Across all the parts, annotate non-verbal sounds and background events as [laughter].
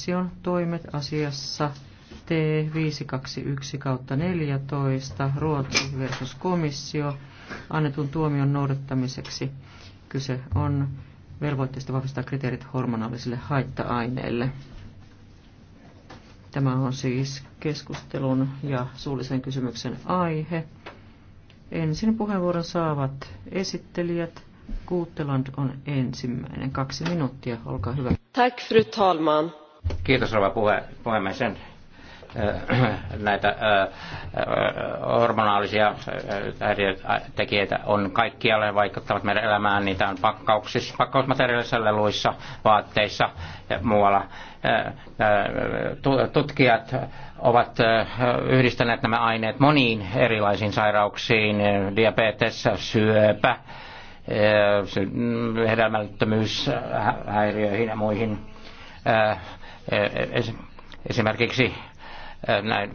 Komission toimet asiassa T521 14 Ruotsi versus komissio annetun tuomion noudattamiseksi. Kyse on velvoitteesta vahvistaa kriteerit hormonaalisille haitta-aineille. Tämä on siis keskustelun ja suullisen kysymyksen aihe. Ensin puheenvuoron saavat esittelijät. Kuutteland on ensimmäinen. Kaksi minuuttia, olkaa hyvä. Tack, fru talman. Kiitos rouva puhe, puhemies. Sen äh, [clears throat] näitä äh, äh, hormonaalisia tekijöitä on kaikkialle vaikuttavat meidän elämään. Niitä on pakkauksissa, pakkausmateriaalissa, leluissa, vaatteissa ja muualla. Tutkijat ovat yhdistäneet nämä aineet moniin erilaisiin sairauksiin, diabetes, syöpä, hedelmällyttömyyshäiriöihin ja muihin E, e, esimerkiksi e, näin,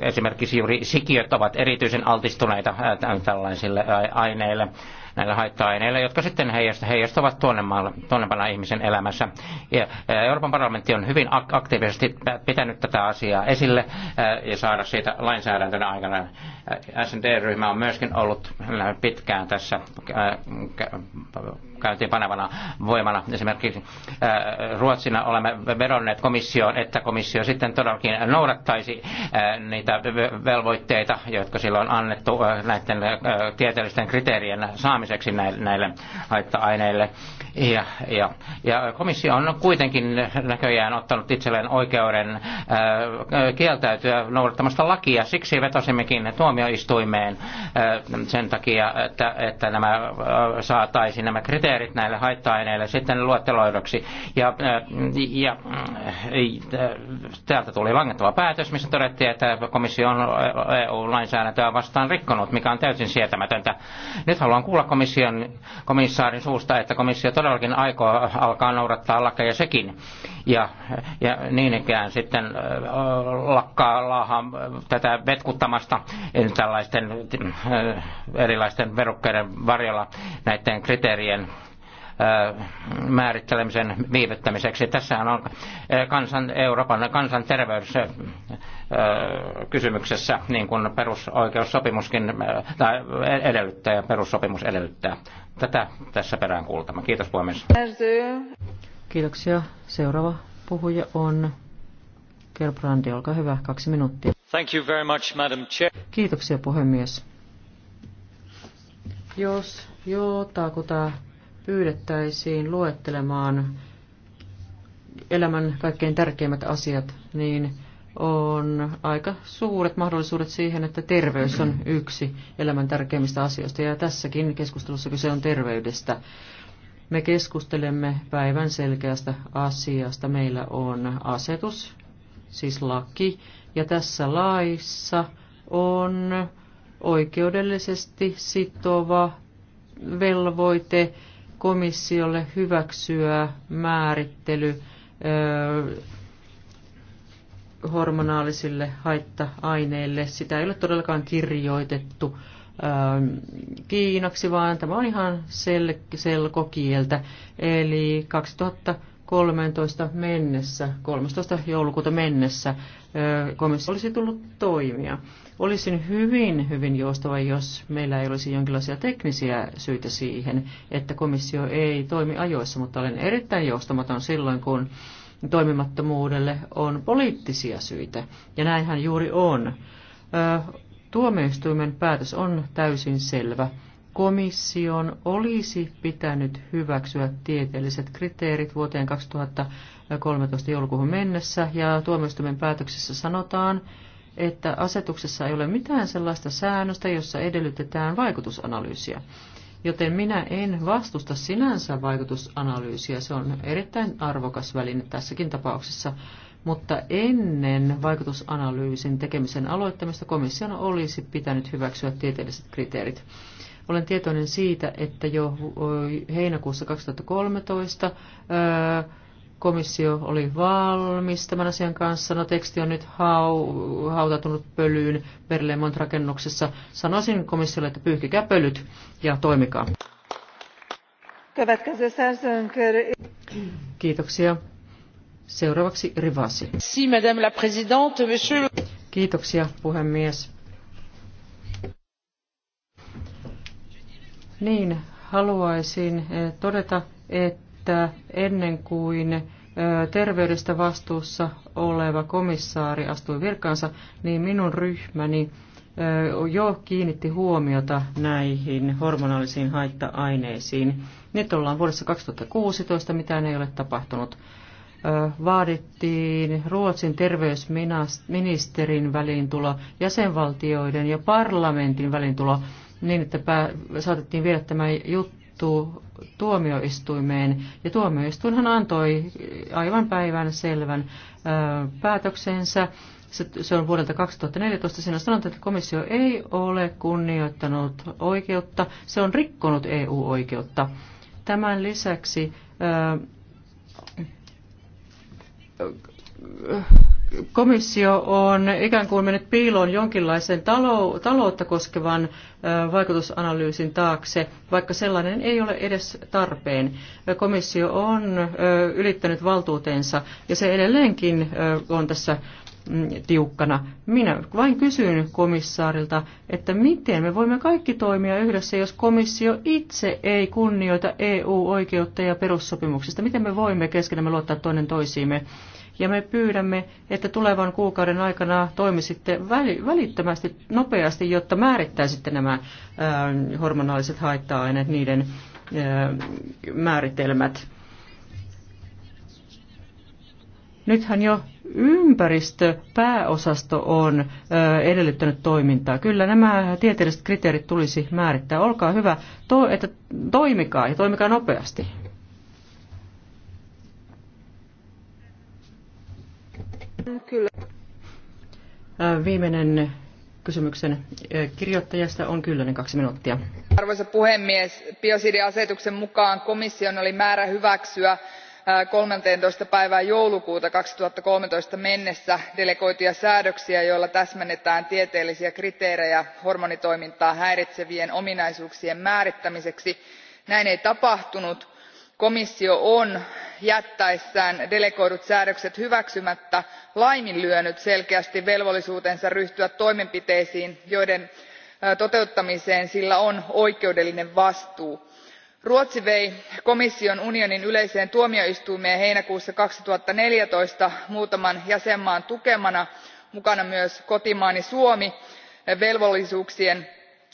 esimerkiksi juuri sikiöt ovat erityisen altistuneita tällaisille aineille, näillä haitta aineille jotka sitten heijastuvat tuonnepana ihmisen elämässä. Ja Euroopan parlamentti on hyvin aktiivisesti pitänyt tätä asiaa esille ja saada siitä lainsäädäntönä aikana. SND-ryhmä on myöskin ollut pitkään tässä käyntiin panevana voimana. Esimerkiksi äh, Ruotsina olemme vedonneet komissioon, että komissio sitten todellakin noudattaisi äh, niitä velvoitteita, jotka silloin on annettu äh, näiden tieteellisten kriteerien saamiseksi näille haitta-aineille. Ja, ja, ja komissio on kuitenkin näköjään ottanut itselleen oikeuden kieltäytyä noudattamasta lakia. Siksi vetosimmekin tuomioistuimeen sen takia, että, että nämä saataisiin nämä kriteerit kriteerit näille haitta-aineille sitten luetteloiduksi. Ja, äh, ja, ja äh, täältä tuli langettava päätös, missä todettiin, että komissio on EU-lainsäädäntöä vastaan rikkonut, mikä on täysin sietämätöntä. Nyt haluan kuulla komission, komissaarin suusta, että komissio todellakin aikoo alkaa noudattaa lakeja sekin. Ja, ja niin ikään sitten äh, lakkaa laahan tätä vetkuttamasta tällaisten erilaisten verukkeiden varjolla näiden kriteerien Äh, määrittelemisen viivyttämiseksi. Tässä on äh, kansan, Euroopan kansanterveys äh, kysymyksessä, niin kuin perusoikeussopimuskin tai edellyttää ja perussopimus edellyttää. Tätä tässä perään kuultama. Kiitos puhemies. Kiitoksia. Seuraava puhuja on Gerbrandi, olkaa hyvä, kaksi minuuttia. Thank you very much, Madam Chair. Kiitoksia puhemies. Jos jotakuta pyydettäisiin luettelemaan elämän kaikkein tärkeimmät asiat, niin on aika suuret mahdollisuudet siihen, että terveys on yksi elämän tärkeimmistä asioista. Ja tässäkin keskustelussa kyse on terveydestä. Me keskustelemme päivän selkeästä asiasta. Meillä on asetus, siis laki, ja tässä laissa on oikeudellisesti sitova velvoite komissiolle hyväksyä määrittely hormonaalisille haitta-aineille. Sitä ei ole todellakaan kirjoitettu kiinaksi, vaan tämä on ihan sel- selkokieltä. Eli 2013 mennessä, 13. joulukuuta mennessä komissio olisi tullut toimia. Olisin hyvin, hyvin joustava, jos meillä ei olisi jonkinlaisia teknisiä syitä siihen, että komissio ei toimi ajoissa, mutta olen erittäin joustamaton silloin, kun toimimattomuudelle on poliittisia syitä. Ja näinhän juuri on. Tuomioistuimen päätös on täysin selvä. Komission olisi pitänyt hyväksyä tieteelliset kriteerit vuoteen 2013 joulukuuhun mennessä, ja tuomioistuimen päätöksessä sanotaan, että asetuksessa ei ole mitään sellaista säännöstä, jossa edellytetään vaikutusanalyysiä. Joten minä en vastusta sinänsä vaikutusanalyysiä, se on erittäin arvokas väline tässäkin tapauksessa, mutta ennen vaikutusanalyysin tekemisen aloittamista komission olisi pitänyt hyväksyä tieteelliset kriteerit. Olen tietoinen siitä, että jo heinäkuussa 2013 öö, komissio oli valmis tämän asian kanssa. No teksti on nyt hau, hautautunut pölyyn Berlemont rakennuksessa. Sanoisin komissiolle, että pyyhkikää pölyt ja toimikaa. Kiitoksia. Seuraavaksi Rivasi. Si, madame la présidente, monsieur... Kiitoksia, puhemies. Niin, haluaisin eh, todeta, että että ennen kuin terveydestä vastuussa oleva komissaari astui virkaansa, niin minun ryhmäni jo kiinnitti huomiota näihin hormonaalisiin haitta-aineisiin. Nyt ollaan vuodessa 2016, mitään ei ole tapahtunut. Vaadittiin Ruotsin terveysministerin väliintulo, jäsenvaltioiden ja parlamentin väliintulo niin, että saatettiin viedä tämä juttu tuomioistuimeen. Ja tuomioistuinhan antoi aivan päivän selvän päätöksensä. Se on vuodelta 2014. Siinä sanotaan, että komissio ei ole kunnioittanut oikeutta. Se on rikkonut EU-oikeutta. Tämän lisäksi komissio on ikään kuin mennyt piiloon jonkinlaisen talou taloutta koskevan vaikutusanalyysin taakse, vaikka sellainen ei ole edes tarpeen. Komissio on ylittänyt valtuutensa ja se edelleenkin on tässä Mm, tiukkana. Minä vain kysyn komissaarilta, että miten me voimme kaikki toimia yhdessä, jos komissio itse ei kunnioita EU-oikeutta ja perussopimuksista. Miten me voimme keskenämme luottaa toinen toisiimme? Ja me pyydämme, että tulevan kuukauden aikana toimisitte välittömästi, nopeasti, jotta määrittäisitte nämä hormonaaliset haitta-aineet, niiden ää, määritelmät. Nythän jo ympäristöpääosasto on ö, edellyttänyt toimintaa. Kyllä nämä tieteelliset kriteerit tulisi määrittää. Olkaa hyvä, to, että toimikaa ja toimikaa nopeasti. Kyllä. Viimeinen kysymyksen kirjoittajasta on Kyllönen kaksi minuuttia. Arvoisa puhemies, biosidiasetuksen mukaan komission oli määrä hyväksyä kolmetoista päivään joulukuuta kaksituhatta kolmetoista mennessä delegoituja säädöksiä joilla täsmennetään tieteellisiä kriteerejä hormonitoimintaa häiritsevien ominaisuuksien määrittämiseksi. näin ei tapahtunut. komissio on jättäessään delegoidut säädökset hyväksymättä laiminlyönyt selkeästi velvollisuutensa ryhtyä toimenpiteisiin joiden toteuttamiseen sillä on oikeudellinen vastuu ruotsi vei komission unionin yleiseen tuomioistuimeen heinäkuussa kaksituhatta neljätoista muutaman jäsenmaan tukemana mukana myös kotimaani suomi velvollisuuksien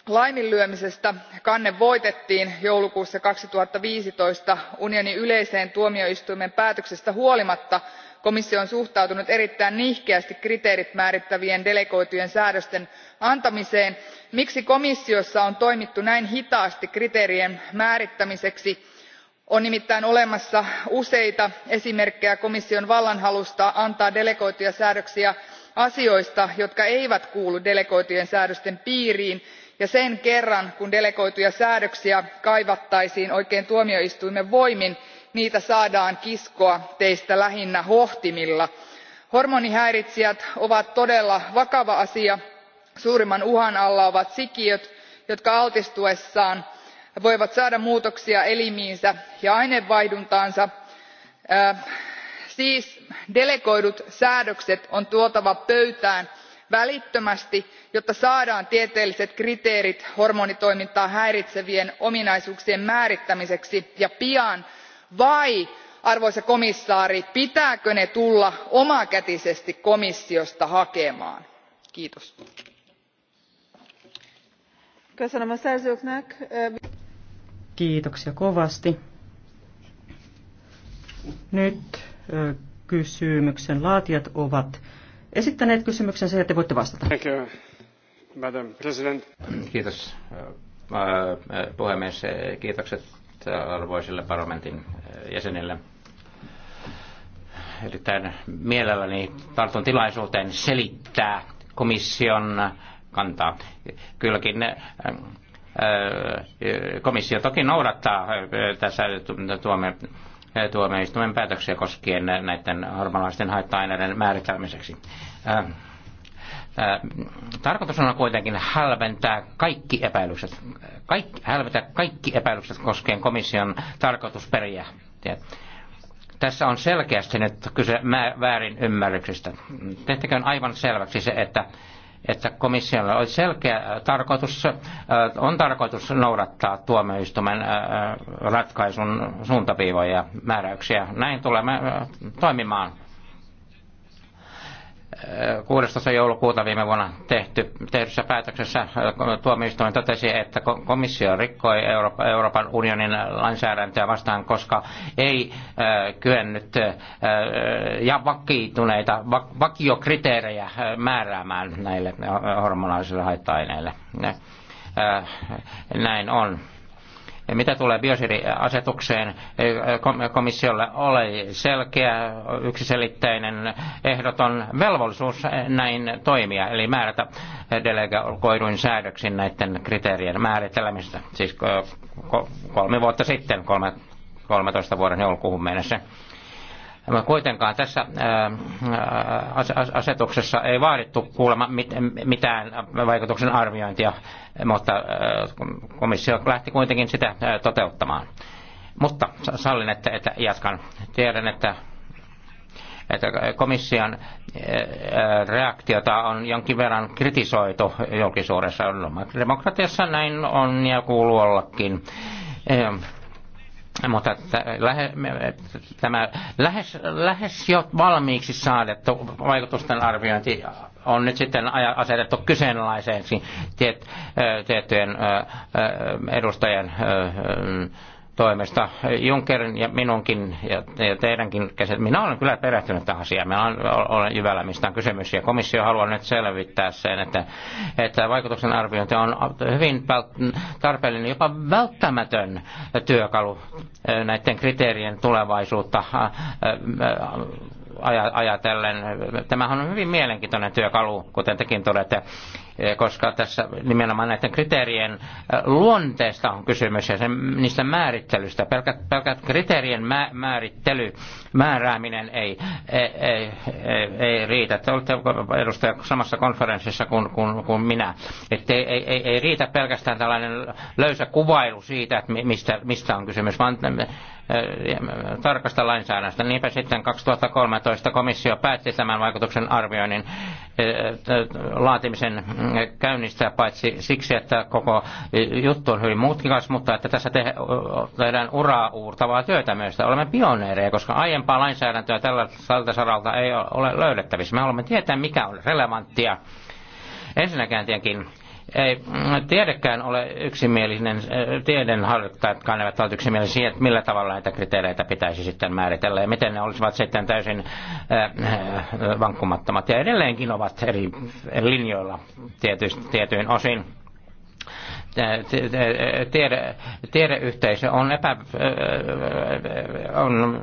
laiminlyömisestä. kanne voitettiin joulukuussa kaksituhatta viisitoista unionin yleisen tuomioistuimen päätöksestä huolimatta komissio on suhtautunut erittäin nihkeästi kriteerit määrittävien delegoitujen säädösten antamiseen. miksi komissiossa on toimittu näin hitaasti kriteerien määrittämiseksi? on nimittäin olemassa useita esimerkkejä komission vallanhalusta antaa delegoituja säädöksiä asioista jotka eivät kuulu delegoitujen säädösten piiriin ja sen kerran kun delegoituja säädöksiä kaivattaisiin oikein tuomioistuimen voimin niitä saadaan kiskoa teistä lähinnä hohtimilla. hormonihäiritsijät ovat todella vakava asia. suurimman uhan alla ovat sikiöt jotka altistuessaan voivat saada muutoksia elimiinsä ja aineenvaihduntaansa. siis delegoidut säädökset on tuotava pöytään välittömästi jotta saadaan tieteelliset kriteerit hormonitoimintaa häiritsevien ominaisuuksien määrittämiseksi ja pian vai arvoisa komissaari pitääkö ne tulla omakätisesti komissiosta hakemaan? kiitos. Kiitoksia kovasti. Nyt kysymyksen laatijat ovat esittäneet kysymyksensä ja te voitte vastata. Kiitos puhemies. Kiitokset Äh, arvoisille parlamentin äh, jäsenille. Erittäin mielelläni tartun tilaisuuteen selittää komission kantaa. Kylläkin äh, komissio toki noudattaa tässä tuomme tuomioistuimen päätöksiä koskien näiden hormonaalisten haitta-aineiden määritelmiseksi tarkoitus on kuitenkin hälventää kaikki epäilykset, kaikki, hälventää kaikki epäilykset koskien komission tarkoitusperiä. Tässä on selkeästi nyt kyse väärin ymmärryksistä. Tehtäköön aivan selväksi se, että että komissiolla oli selkeä tarkoitus, on tarkoitus noudattaa tuomioistuimen ratkaisun suuntaviivoja ja määräyksiä. Näin tulemme toimimaan. 16. joulukuuta viime vuonna tehty, tehdyssä päätöksessä tuomioistuin totesi, että komissio rikkoi Euroopan, Euroopan unionin lainsäädäntöä vastaan, koska ei äh, kyennyt äh, ja vakiintuneita vakiokriteerejä määräämään näille hormonaalisille haitta-aineille. Näin on. Mitä tulee biosiriasetukseen, komissiolle oli selkeä, yksiselitteinen, ehdoton velvollisuus näin toimia, eli määrätä delegoiduin säädöksin näiden kriteerien määrittelemistä, siis kolme vuotta sitten, kolme, 13 vuoden joulukuuhun mennessä Kuitenkaan tässä asetuksessa ei vaadittu kuulemma mitään vaikutuksen arviointia, mutta komissio lähti kuitenkin sitä toteuttamaan. Mutta sallin, että, että jatkan. Tiedän, että että komission reaktiota on jonkin verran kritisoitu julkisuudessa. Demokratiassa näin on ja kuuluu ollakin mutta tämä lähes, lähes jo valmiiksi saadettu vaikutusten arviointi on nyt sitten asetettu kyseenalaiseksi tiet, tiettyjen edustajien toimesta, Junckerin ja minunkin ja, ja teidänkin käsit. Minä olen kyllä perehtynyt tähän asiaan. Minä olen, olen jyvällä, mistä on kysymys. Ja komissio haluaa nyt selvittää sen, että, että vaikutuksen arviointi on hyvin tarpeellinen, jopa välttämätön työkalu eh, näiden kriteerien tulevaisuutta eh, eh, ajatellen. Tämähän on hyvin mielenkiintoinen työkalu, kuten tekin todette, e, koska tässä nimenomaan näiden kriteerien e, luonteesta on kysymys ja sen, niistä määrittelystä. Pelkät, pelkät kriteerien mä, määrittely, määrääminen ei, ei, ei, ei, ei riitä. Te olette edustaja samassa konferenssissa kuin, kuin, kuin minä. Että ei, ei, ei, ei riitä pelkästään tällainen löysä kuvailu siitä, että mistä, mistä on kysymys, vaan tarkasta lainsäädännöstä. Niinpä sitten 2013 komissio päätti tämän vaikutuksen arvioinnin eh, eh, laatimisen mm, käynnistää paitsi siksi, että koko juttu on hyvin mutkikas, mutta että tässä tehdään uraa uurtavaa työtä myös. Olemme pioneereja, koska aiempaa lainsäädäntöä tällä, saralta ei ole löydettävissä. Me haluamme tietää, mikä on relevanttia. Ensinnäkin tietenkin ei tiedekään ole yksimielinen, tieden harjoittajatkaan eivät ole yksimielisiä siihen, että millä tavalla näitä kriteereitä pitäisi sitten määritellä ja miten ne olisivat sitten täysin vankkumattomat. Ja edelleenkin ovat eri, eri linjoilla tietyin osin tiede, tiedeyhteisö on, epä, on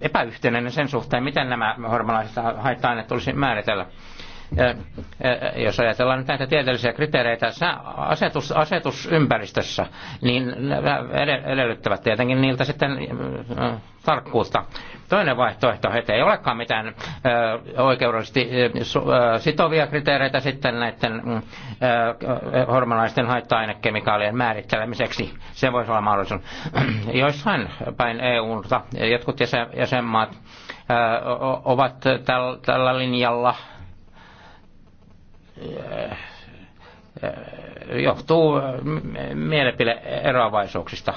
epäyhtenäinen sen suhteen, miten nämä hormonaiset haitta-aineet tulisi määritellä jos ajatellaan nyt näitä tieteellisiä kriteereitä asetus, asetusympäristössä, niin edellyttävät tietenkin niiltä sitten tarkkuutta. Toinen vaihtoehto, että ei olekaan mitään oikeudellisesti sitovia kriteereitä sitten näiden mm, hormonaisten haitta-ainekemikaalien määrittelemiseksi. Se voisi olla mahdollisuus. [clears throat] Joissain päin EUta jotkut jäsenmaat ovat tällä linjalla – Äh, äh, johtuu äh, mielipideeroavaisuuksista.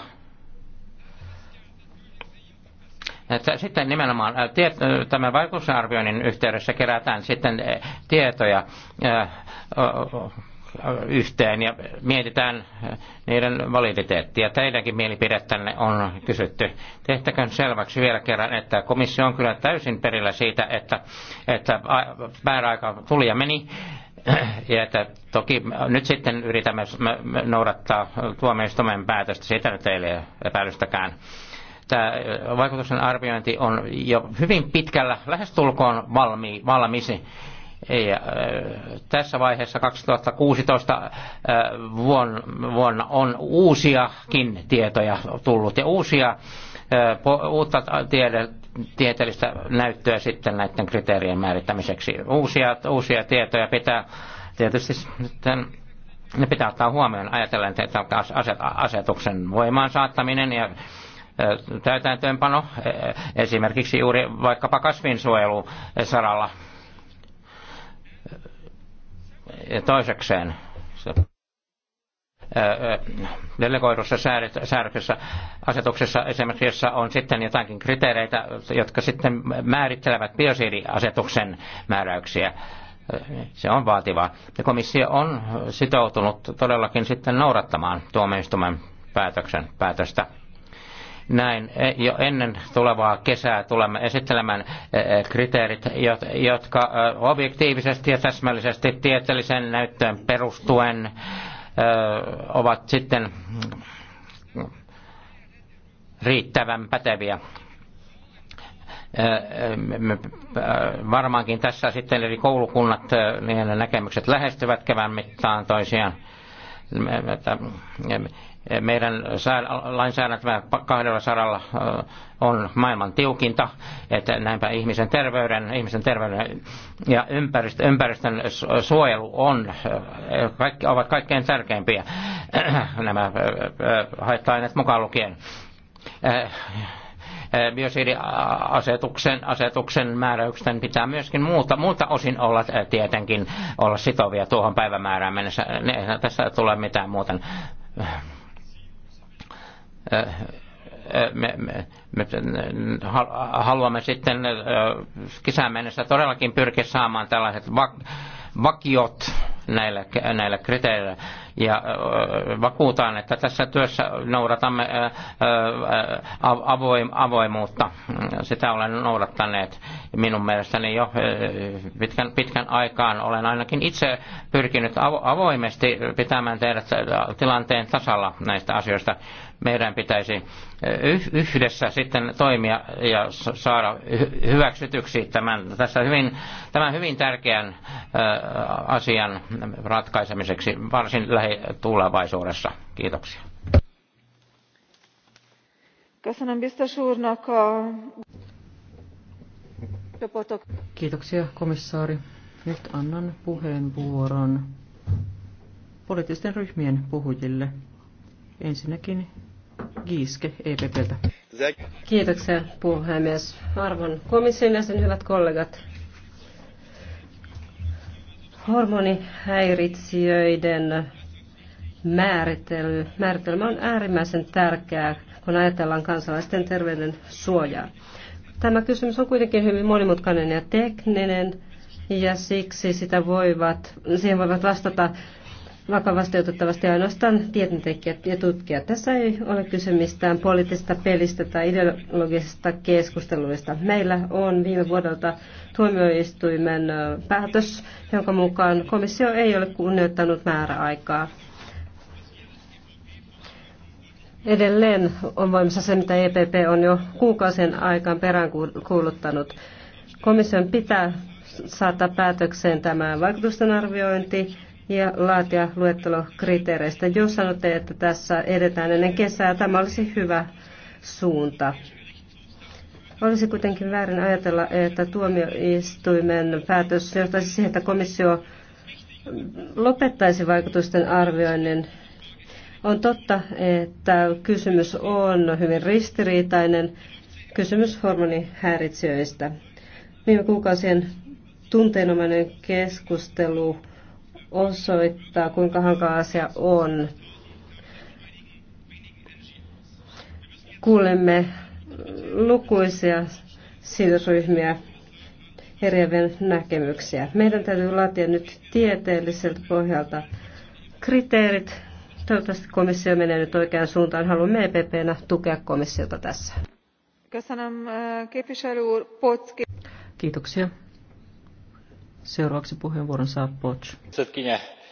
sitten nimenomaan tämän vaikutusarvioinnin yhteydessä kerätään sitten tietoja yhteen ja mietitään niiden validiteettia. Teidänkin mielipidettänne on kysytty. Tehtäkön selväksi vielä kerran, että komissio on kyllä täysin perillä siitä, että, että määräaika tuli ja meni ja että toki nyt sitten yritämme noudattaa tuomioistuimen päätöstä, sitä nyt ei ole epäilystäkään. Tämä vaikutusten arviointi on jo hyvin pitkällä, lähestulkoon valmi, valmisi. Ja, tässä vaiheessa 2016 vuonna on uusiakin tietoja tullut ja uusia uutta tiede, tieteellistä näyttöä sitten näiden kriteerien määrittämiseksi. Uusia, uusia tietoja pitää tietysti sitten ne pitää ottaa huomioon ajatellen, että asetuksen voimaan saattaminen ja täytäntöönpano e, esimerkiksi juuri vaikkapa saralla. Ja toisekseen delegoidussa säädöksessä asetuksessa esimerkiksi, jossa on sitten jotakin kriteereitä, jotka sitten määrittelevät biosiidiasetuksen määräyksiä. Se on vaativaa. Ja komissio on sitoutunut todellakin sitten noudattamaan tuomioistuimen päätöksen, päätöstä näin e, jo ennen tulevaa kesää tulemme esittelemään e, e, kriteerit, jotka objektiivisesti ja täsmällisesti tieteellisen näyttöön perustuen ovat sitten riittävän päteviä varmaankin tässä sitten eri koulukunnat, niiden näkemykset lähestyvät kevään mittaan toisiaan meidän lainsäädäntömme kahdella saralla on maailman tiukinta, että näinpä ihmisen terveyden, ihmisen terveyden ja ympäristö, ympäristön suojelu on, kaikki, ovat kaikkein tärkeimpiä [clears throat] nämä haitta-aineet mukaan lukien biosidiasetuksen asetuksen määräyksen pitää myöskin muuta, muuta osin olla tietenkin olla sitovia tuohon päivämäärään mennessä. Ne, tässä tulee mitään muuten me, me, me haluamme sitten kisään mennessä todellakin pyrkiä saamaan tällaiset vakiot näillä, näillä kriteereillä. Ja vakuutaan, että tässä työssä noudatamme avoimuutta. Sitä olen noudattaneet minun mielestäni jo pitkän, pitkän aikaan. Olen ainakin itse pyrkinyt avoimesti pitämään teidät tilanteen tasalla näistä asioista meidän pitäisi eh, yhdessä sitten toimia ja saada hyväksytyksi tämän, tässä hyvin, tämän hyvin tärkeän eh, asian ratkaisemiseksi varsin lähitulevaisuudessa. Kiitoksia. Kiitoksia komissaari. Nyt annan puheenvuoron poliittisten ryhmien puhujille. Ensinnäkin Giiske EPPltä. Kiitoksia puhemies. Arvon komission jäsen, hyvät kollegat. Hormonihäiritsijöiden määrittely, määritelmä on äärimmäisen tärkeää, kun ajatellaan kansalaisten terveyden suojaa. Tämä kysymys on kuitenkin hyvin monimutkainen ja tekninen, ja siksi sitä voivat, siihen voivat vastata vakavasti otettavasti ainoastaan tieteentekijät ja tutkijat. Tässä ei ole kyse mistään poliittisesta pelistä tai ideologisesta keskusteluista. Meillä on viime vuodelta tuomioistuimen päätös, jonka mukaan komissio ei ole kunnioittanut määräaikaa. Edelleen on voimassa se, mitä EPP on jo kuukausien aikaan peräänkuuluttanut. Komission pitää saattaa päätökseen tämä vaikutusten arviointi ja laatia luettelo kriteereistä. Jos sanotte, että tässä edetään ennen kesää, tämä olisi hyvä suunta. Olisi kuitenkin väärin ajatella, että tuomioistuimen päätös johtaisi siihen, että komissio lopettaisi vaikutusten arvioinnin. On totta, että kysymys on hyvin ristiriitainen kysymys hormonihäiritsijöistä. Viime kuukausien tunteenomainen keskustelu osoittaa, kuinka hankala asia on. Kuulemme lukuisia sidosryhmiä eriäviä näkemyksiä. Meidän täytyy laatia nyt tieteelliseltä pohjalta kriteerit. Toivottavasti komissio menee nyt oikeaan suuntaan. Haluamme EPPnä tukea komissiota tässä. Kiitoksia. Seuraavaksi puheenvuoron saa Poch.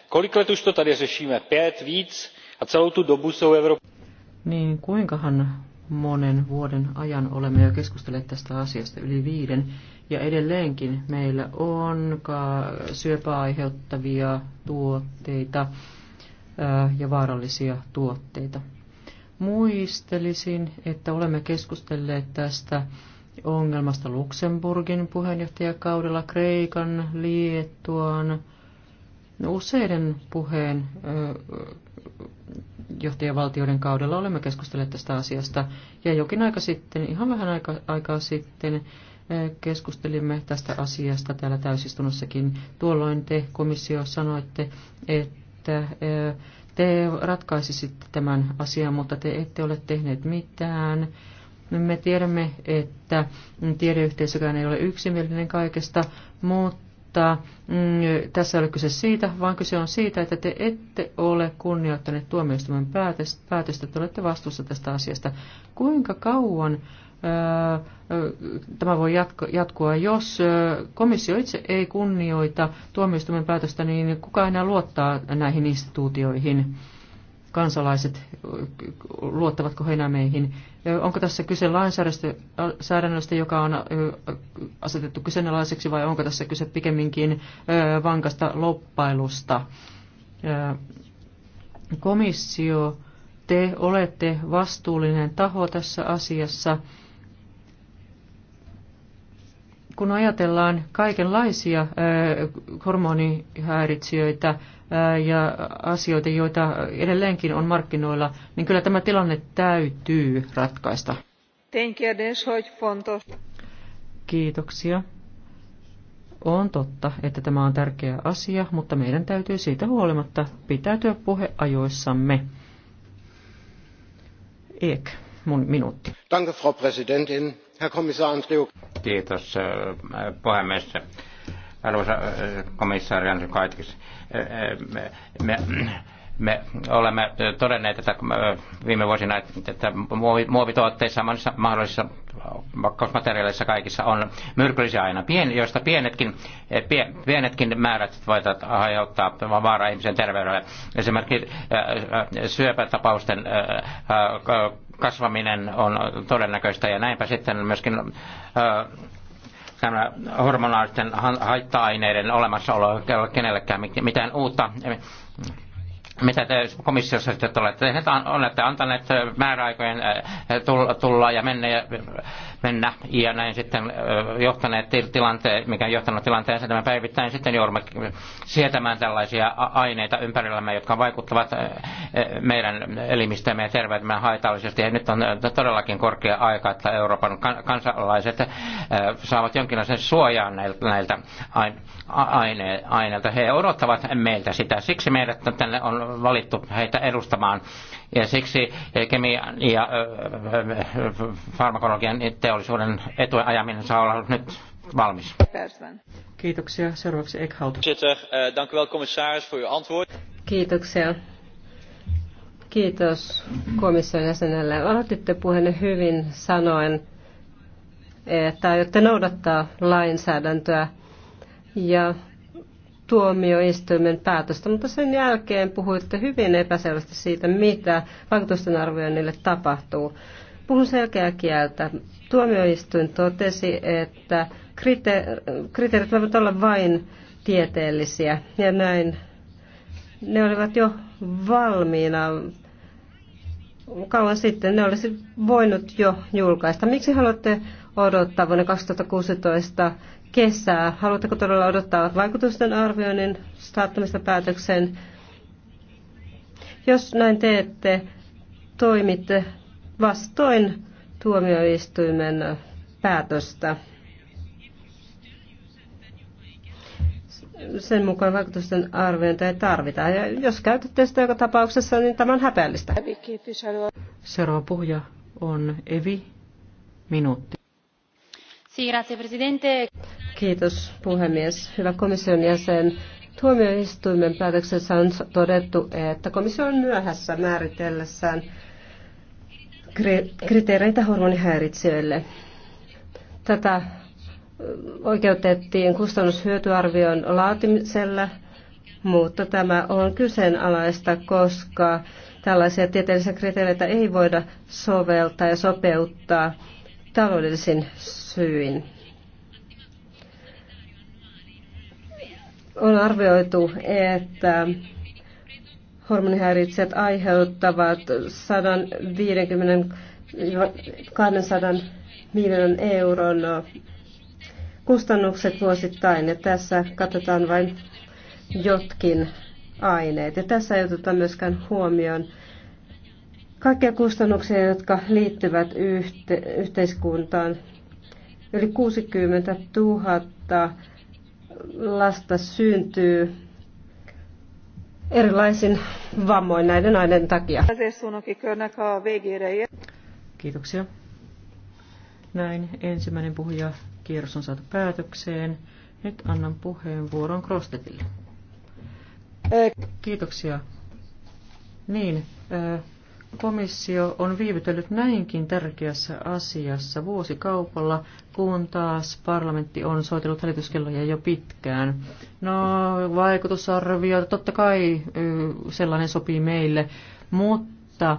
Kolik let už to tady řešíme? Pět, víc a celou tu dobu jsou Evropa... Niin kuinkahan monen vuoden ajan olemme jo keskustelleet tästä asiasta yli viiden. Ja edelleenkin meillä on syöpää aiheuttavia tuotteita ja vaarallisia tuotteita. Muistelisin, että olemme keskustelleet tästä ongelmasta Luxemburgin puheenjohtajakaudella, Kreikan, Liettuan, useiden puheen johtajavaltioiden kaudella olemme keskustelleet tästä asiasta. Ja jokin aika sitten, ihan vähän aika, aikaa sitten, keskustelimme tästä asiasta täällä täysistunnossakin. Tuolloin te komissio sanoitte, että te ratkaisisitte tämän asian, mutta te ette ole tehneet mitään. Me tiedämme, että tiedeyhteisökään ei ole yksimielinen kaikesta, mutta mm, tässä ei ole kyse siitä, vaan kyse on siitä, että te ette ole kunnioittaneet tuomioistuimen päätöstä, te olette vastuussa tästä asiasta. Kuinka kauan tämä voi jatkua. Jos komissio itse ei kunnioita tuomioistuimen päätöstä, niin kuka enää luottaa näihin instituutioihin? kansalaiset, luottavatko he enää meihin. Onko tässä kyse lainsäädännöstä, joka on asetettu kyseenalaiseksi, vai onko tässä kyse pikemminkin vankasta loppailusta? Komissio, te olette vastuullinen taho tässä asiassa. Kun ajatellaan kaikenlaisia hormonihäiritsijöitä, ja asioita, joita edelleenkin on markkinoilla, niin kyllä tämä tilanne täytyy ratkaista. Kiitoksia. On totta, että tämä on tärkeä asia, mutta meidän täytyy siitä huolimatta pitäytyä puheajoissamme. Ek, mun minuutti. Danke, Frau Präsidentin. Herr Kommissar Andriuk. Kiitos, äh, puhemies. Arvoisa äh, komissaari Andrew Kaitikis, äh, äh, me, me, me olemme todenneet että viime vuosina, että muovituotteissa monissa mahdollisissa pakkausmateriaaleissa kaikissa on myrkyllisiä aina, joista pienetkin, eh, pienetkin määrät voivat aiheuttaa vaaraa ihmisen terveydelle. Esimerkiksi eh, eh, syöpätapausten kasvaminen on todennäköistä ja näinpä sitten myöskin hormonaalisten haitta-aineiden olemassaolo kenellekään mitään uutta mitä te komissiossa sitten olette tehneet, olette antaneet äh, määräaikojen äh, tulla ja mennä ja, mennä, ja näin sitten äh, johtaneet tilanteen, mikä on johtanut tilanteen, että me päivittäin sitten joudumme sietämään tällaisia aineita ympärillämme, jotka vaikuttavat meidän elimistömme ja terveytemme haitallisesti. Ja nyt on todellakin korkea aika, että Euroopan kansalaiset saavat jonkinlaisen suojaan näiltä aineilta. He odottavat meiltä sitä. Siksi meidät tänne on valittu heitä edustamaan. Ja siksi kemian ja farmakologian teollisuuden etujen ajaminen saa olla nyt valmis. Kiitoksia. Seuraavaksi Eckhout. Eh, dank u wel, commissaris, voor uw antwoord. Kiitoksia. Kiitos komission jäsenelle. Aloititte puheenne hyvin sanoen, että aiotte noudattaa lainsäädäntöä ja tuomioistuimen päätöstä, mutta sen jälkeen puhuitte hyvin epäselvästi siitä, mitä vaikutusten arvioinnille tapahtuu. Puhun selkeää kieltä. Tuomioistuin totesi, että kriteerit voivat olla vain tieteellisiä ja näin ne olivat jo valmiina kauan sitten. Ne olisi voinut jo julkaista. Miksi haluatte odottaa vuonna 2016 kesää. Haluatteko todella odottaa vaikutusten arvioinnin saattamista päätökseen? Jos näin teette, toimitte vastoin tuomioistuimen päätöstä. Sen mukaan vaikutusten arviointia ei tarvita. Ja jos käytätte sitä joka tapauksessa, niin tämä on häpeällistä. Seuraava puhuja on Evi Minuutti. Kiitos puhemies. Hyvä komission jäsen. Tuomioistuimen päätöksessä on todettu, että komissio on myöhässä määritellessään kriteereitä hormonihäiritsijöille. Tätä oikeutettiin kustannushyötyarvion laatimisella, mutta tämä on kyseenalaista, koska tällaisia tieteellisiä kriteereitä ei voida soveltaa ja sopeuttaa taloudellisin syyn. On arvioitu, että hormonihäiritset aiheuttavat 150 200 miljoonan euron kustannukset vuosittain, ja tässä katsotaan vain jotkin aineet. Ja tässä ei oteta myöskään huomioon kaikkia kustannuksia, jotka liittyvät yhteiskuntaan. Yli 60 000 lasta syntyy erilaisin vammoin näiden aineiden takia. Kiitoksia. Näin ensimmäinen puhuja kierros on saatu päätökseen. Nyt annan puheenvuoron Krostetille. Kiitoksia. Niin, komissio on viivytellyt näinkin tärkeässä asiassa vuosikaupalla, kun taas parlamentti on soitellut hälytyskelloja jo pitkään. No, vaikutusarvio, totta kai sellainen sopii meille, mutta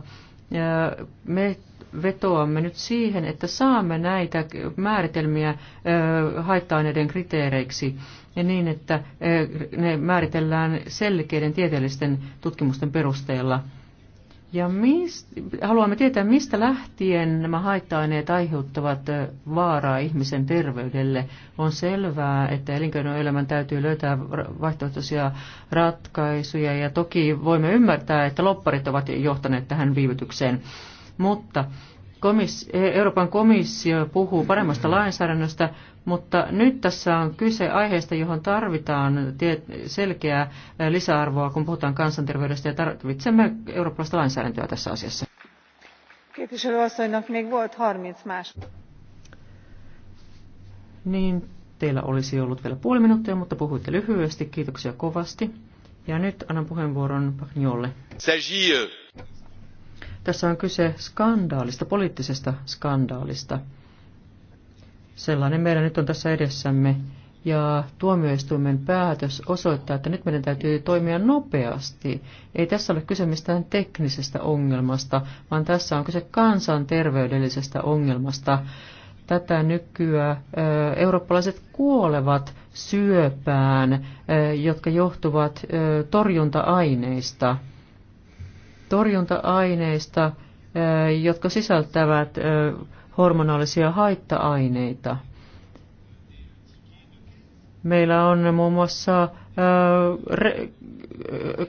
me vetoamme nyt siihen, että saamme näitä määritelmiä haitta-aineiden kriteereiksi ja niin, että ne määritellään selkeiden tieteellisten tutkimusten perusteella – ja mist, haluamme tietää, mistä lähtien nämä haitta-aineet aiheuttavat vaaraa ihmisen terveydelle. On selvää, että elinkeinoelämän täytyy löytää vaihtoehtoisia ratkaisuja ja toki voimme ymmärtää, että lopparit ovat johtaneet tähän viivytykseen. Mutta komis- Euroopan komissio puhuu paremmasta lainsäädännöstä, mutta nyt tässä on kyse aiheesta, johon tarvitaan tie- selkeää lisäarvoa, kun puhutaan kansanterveydestä ja tarvitsemme eurooppalaista lainsäädäntöä tässä asiassa. Niin, teillä olisi ollut vielä puoli minuuttia, mutta puhuitte lyhyesti. Kiitoksia kovasti. Ja nyt annan puheenvuoron Pagniolle. S'agit euh, tässä on kyse skandaalista, poliittisesta skandaalista. Sellainen meillä nyt on tässä edessämme. Ja tuomioistuimen päätös osoittaa, että nyt meidän täytyy toimia nopeasti. Ei tässä ole kyse mistään teknisestä ongelmasta, vaan tässä on kyse kansanterveydellisestä ongelmasta. Tätä nykyä eurooppalaiset kuolevat syöpään, jotka johtuvat torjunta-aineista – torjunta-aineista, jotka sisältävät hormonaalisia haitta-aineita. Meillä on muun muassa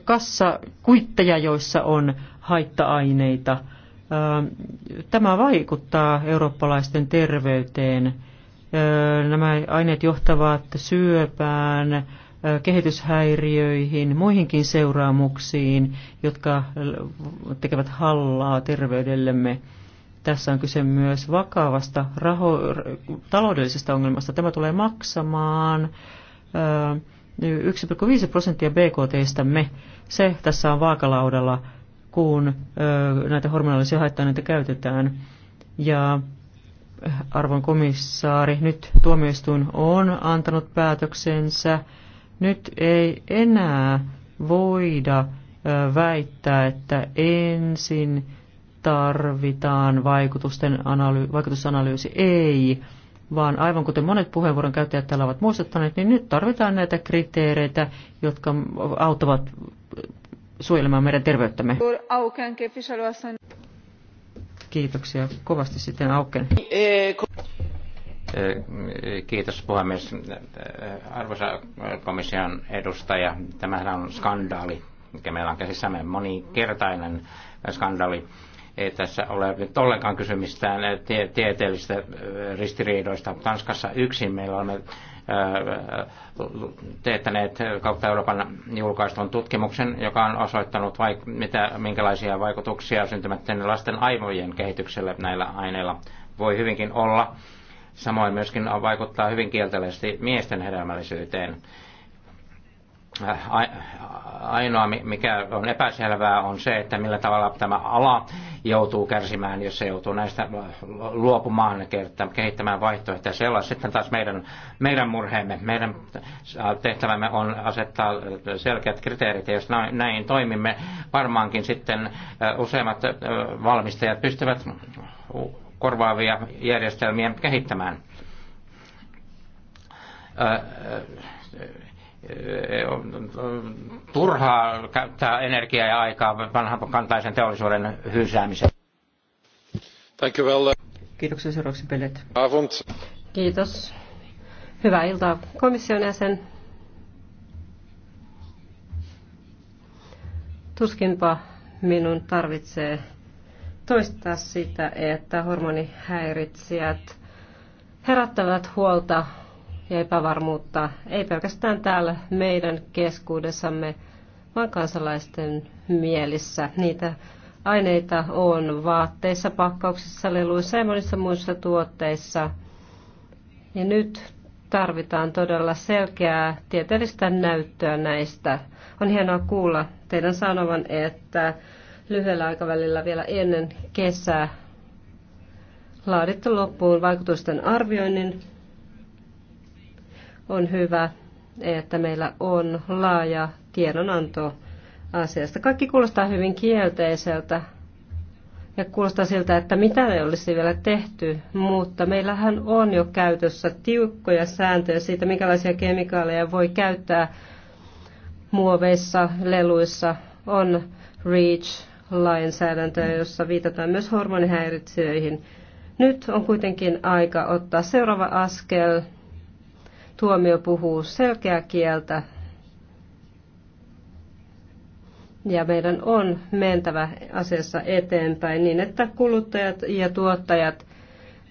kassakuitteja, joissa on haitta-aineita. Tämä vaikuttaa eurooppalaisten terveyteen. Nämä aineet johtavat syöpään, kehityshäiriöihin, muihinkin seuraamuksiin, jotka tekevät hallaa terveydellemme. Tässä on kyse myös vakavasta raho- taloudellisesta ongelmasta. Tämä tulee maksamaan 1,5 prosenttia BKTstämme. Se tässä on vaakalaudalla, kun näitä hormonallisia haittaineita käytetään. Ja arvon komissaari, nyt tuomioistuin on antanut päätöksensä nyt ei enää voida väittää, että ensin tarvitaan vaikutusten analy- vaikutusanalyysi. Ei, vaan aivan kuten monet puheenvuoron käyttäjät täällä ovat muistuttaneet, niin nyt tarvitaan näitä kriteereitä, jotka auttavat suojelemaan meidän terveyttämme. Kiitoksia kovasti sitten Auken. Kiitos puhemies. Arvoisa komission edustaja, tämähän on skandaali, mikä meillä on käsissämme monikertainen skandaali. Ei tässä ole nyt ollenkaan kysymistään tie- tieteellisistä ristiriidoista. Tanskassa yksin meillä on äh, teettäneet kautta Euroopan julkaistun tutkimuksen, joka on osoittanut, vaik- mitä, minkälaisia vaikutuksia syntymättömien lasten aivojen kehitykselle näillä aineilla voi hyvinkin olla Samoin myöskin vaikuttaa hyvin kielteisesti miesten hedelmällisyyteen. Ainoa, mikä on epäselvää, on se, että millä tavalla tämä ala joutuu kärsimään, jos se joutuu näistä luopumaan, kehittämään vaihtoehtoja. Sellaista sitten taas meidän, meidän murheemme, meidän tehtävämme on asettaa selkeät kriteerit, ja jos no-, näin toimimme, varmaankin sitten useimmat valmistajat pystyvät korvaavia järjestelmiä kehittämään. Turhaa käyttää energiaa ja aikaa vanhan kantaisen teollisuuden hyysäämiseen. Kiitoksia seuraavaksi Pellet. Kiitos. Hyvää iltaa komission jäsen. Tuskinpa minun tarvitsee toistaa sitä, että hormonihäiritsijät herättävät huolta ja epävarmuutta ei pelkästään täällä meidän keskuudessamme, vaan kansalaisten mielissä. Niitä aineita on vaatteissa, pakkauksissa, leluissa ja monissa muissa tuotteissa. Ja nyt tarvitaan todella selkeää tieteellistä näyttöä näistä. On hienoa kuulla teidän sanovan, että lyhyellä aikavälillä vielä ennen kesää laadittu loppuun vaikutusten arvioinnin. On hyvä, että meillä on laaja tiedonanto asiasta. Kaikki kuulostaa hyvin kielteiseltä ja kuulostaa siltä, että mitä ei olisi vielä tehty, mutta meillähän on jo käytössä tiukkoja sääntöjä siitä, minkälaisia kemikaaleja voi käyttää muoveissa, leluissa, on REACH, lainsäädäntöä, jossa viitataan myös hormonihäiritsijöihin. Nyt on kuitenkin aika ottaa seuraava askel. Tuomio puhuu selkeää kieltä ja meidän on mentävä asiassa eteenpäin niin, että kuluttajat ja tuottajat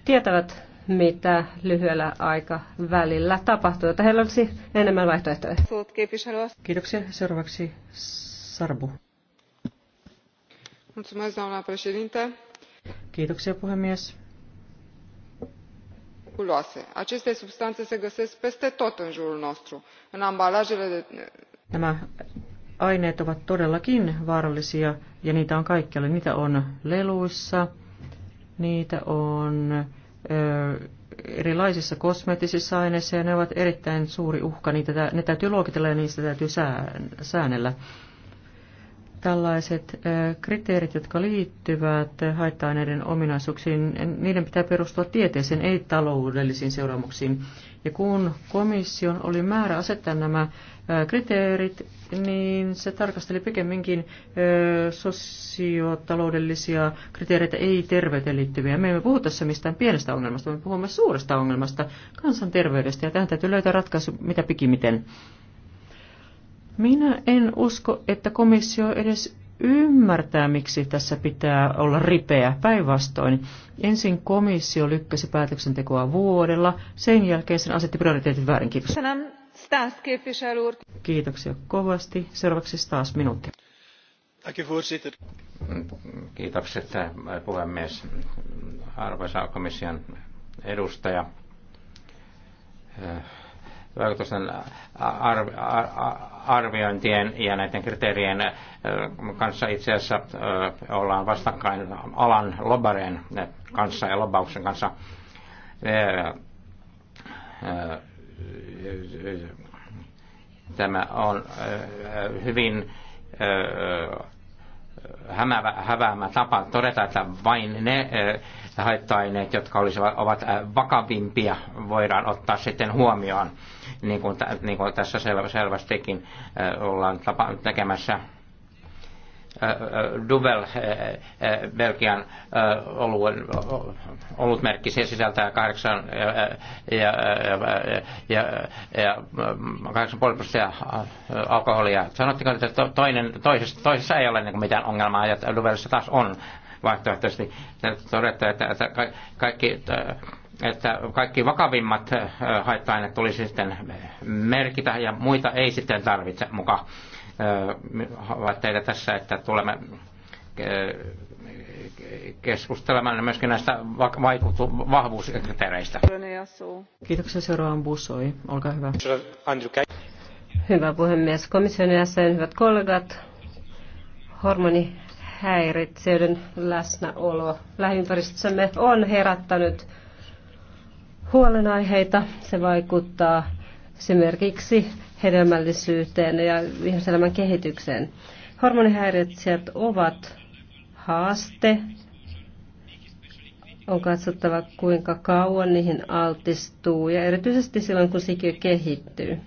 tietävät, mitä lyhyellä aikavälillä tapahtuu, että heillä olisi enemmän vaihtoehtoja. Kiitoksia. Seuraavaksi Sarbu doamnă președintă puhemies. Aceste substanțe se găsesc peste tot în jurul nostru, în ambalajele de... Nämä aineet ovat todellakin vaarallisia ja niitä on kaikkialla. Niitä on leluissa, niitä on ö, erilaisissa kosmeettisissa aineissa ja ne ovat erittäin suuri uhka. Niitä, ne täytyy luokitella ja niistä täytyy sää, säännellä tällaiset kriteerit, jotka liittyvät haitta-aineiden ominaisuuksiin, niiden pitää perustua tieteeseen, ei taloudellisiin seuraamuksiin. Ja kun komission oli määrä asettaa nämä kriteerit, niin se tarkasteli pikemminkin sosiotaloudellisia kriteereitä, ei terveyteen liittyviä. Me emme puhu tässä mistään pienestä ongelmasta, me puhumme suuresta ongelmasta, kansanterveydestä, ja tähän täytyy löytää ratkaisu mitä pikimiten. Minä en usko, että komissio edes ymmärtää, miksi tässä pitää olla ripeä. Päinvastoin, ensin komissio lykkäsi päätöksentekoa vuodella, sen jälkeen sen asetti prioriteetit väärin. Kiitos. Kiitoksia kovasti. Seuraavaksi taas minuutti. Kiitokset puhemies. Arvoisa komission edustaja vaikutusten arviointien ja näiden kriteerien kanssa itse asiassa ollaan vastakkain alan lobbareen kanssa ja lobauksen kanssa tämä on hyvin hämäävä, tapa todeta, että vain ne haitta-aineet, jotka olisivat, ovat äh, vakavimpia, voidaan ottaa sitten huomioon, niin kuin, niin kuin tässä sel, selvästikin äh, ollaan tapa, tekemässä. Äh, Duvel, Belgian oluen, olutmerkki, se sisältää 8 ja, ja, ja, 8,5 prosenttia alkoholia. Sanotteko, että toinen, toisessa, toisessa ei ole niin mitään ongelmaa ja Duvelissa taas on vaihtoehtoisesti todettu, että, että kaikki että kaikki vakavimmat äh, haitta-aineet tulisi sitten merkitä ja muita ei sitten tarvitse mukaan. Äh, teitä tässä, että tulemme äh, keskustelemaan myöskin näistä vaikutu- vahvuuskriteereistä. Kiitoksia seuraavaan Bussoi. Olkaa hyvä. Hyvä puhemies. Komission jäsen, hyvät kollegat. Hormoni häiritseiden läsnäolo lähiympäristössämme on herättänyt huolenaiheita. Se vaikuttaa esimerkiksi hedelmällisyyteen ja ihmiselämän kehitykseen. Hormonihäiritsijät ovat haaste. On katsottava, kuinka kauan niihin altistuu ja erityisesti silloin, kun sikiö kehittyy.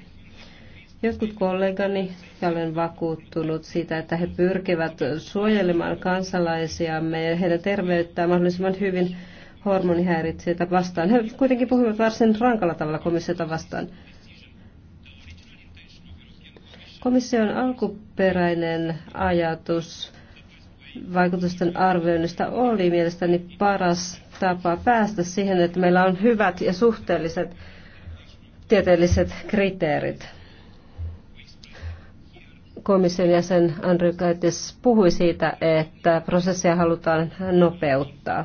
Jotkut kollegani, ja olen vakuuttunut siitä, että he pyrkivät suojelemaan kansalaisiamme ja heidän terveyttään mahdollisimman hyvin hormonihäiritseitä vastaan. He kuitenkin puhuvat varsin rankalla tavalla komissiota vastaan. Komission alkuperäinen ajatus vaikutusten arvioinnista oli mielestäni paras tapa päästä siihen, että meillä on hyvät ja suhteelliset tieteelliset kriteerit komission jäsen Andri Kaitis puhui siitä, että prosessia halutaan nopeuttaa.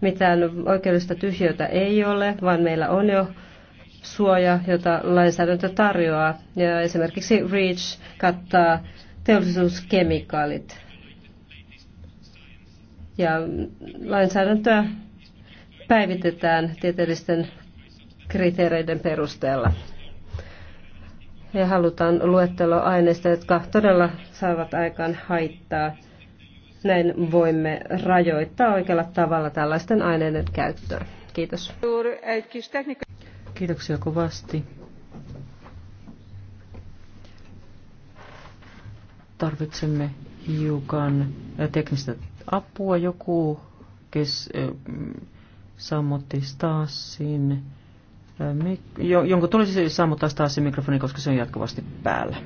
Mitään oikeudellista tyhjötä ei ole, vaan meillä on jo suoja, jota lainsäädäntö tarjoaa. Ja esimerkiksi REACH kattaa teollisuuskemikaalit. Ja lainsäädäntöä päivitetään tieteellisten kriteereiden perusteella ja halutaan luettelo aineista, jotka todella saavat aikaan haittaa. Näin voimme rajoittaa oikealla tavalla tällaisten aineiden käyttöä. Kiitos. Kiitoksia kovasti. Tarvitsemme hiukan teknistä apua. Joku kes, mm, sammutti Stassin jonkun tulisi sammuttaa taas se mikrofoni, koska se on jatkuvasti päällä.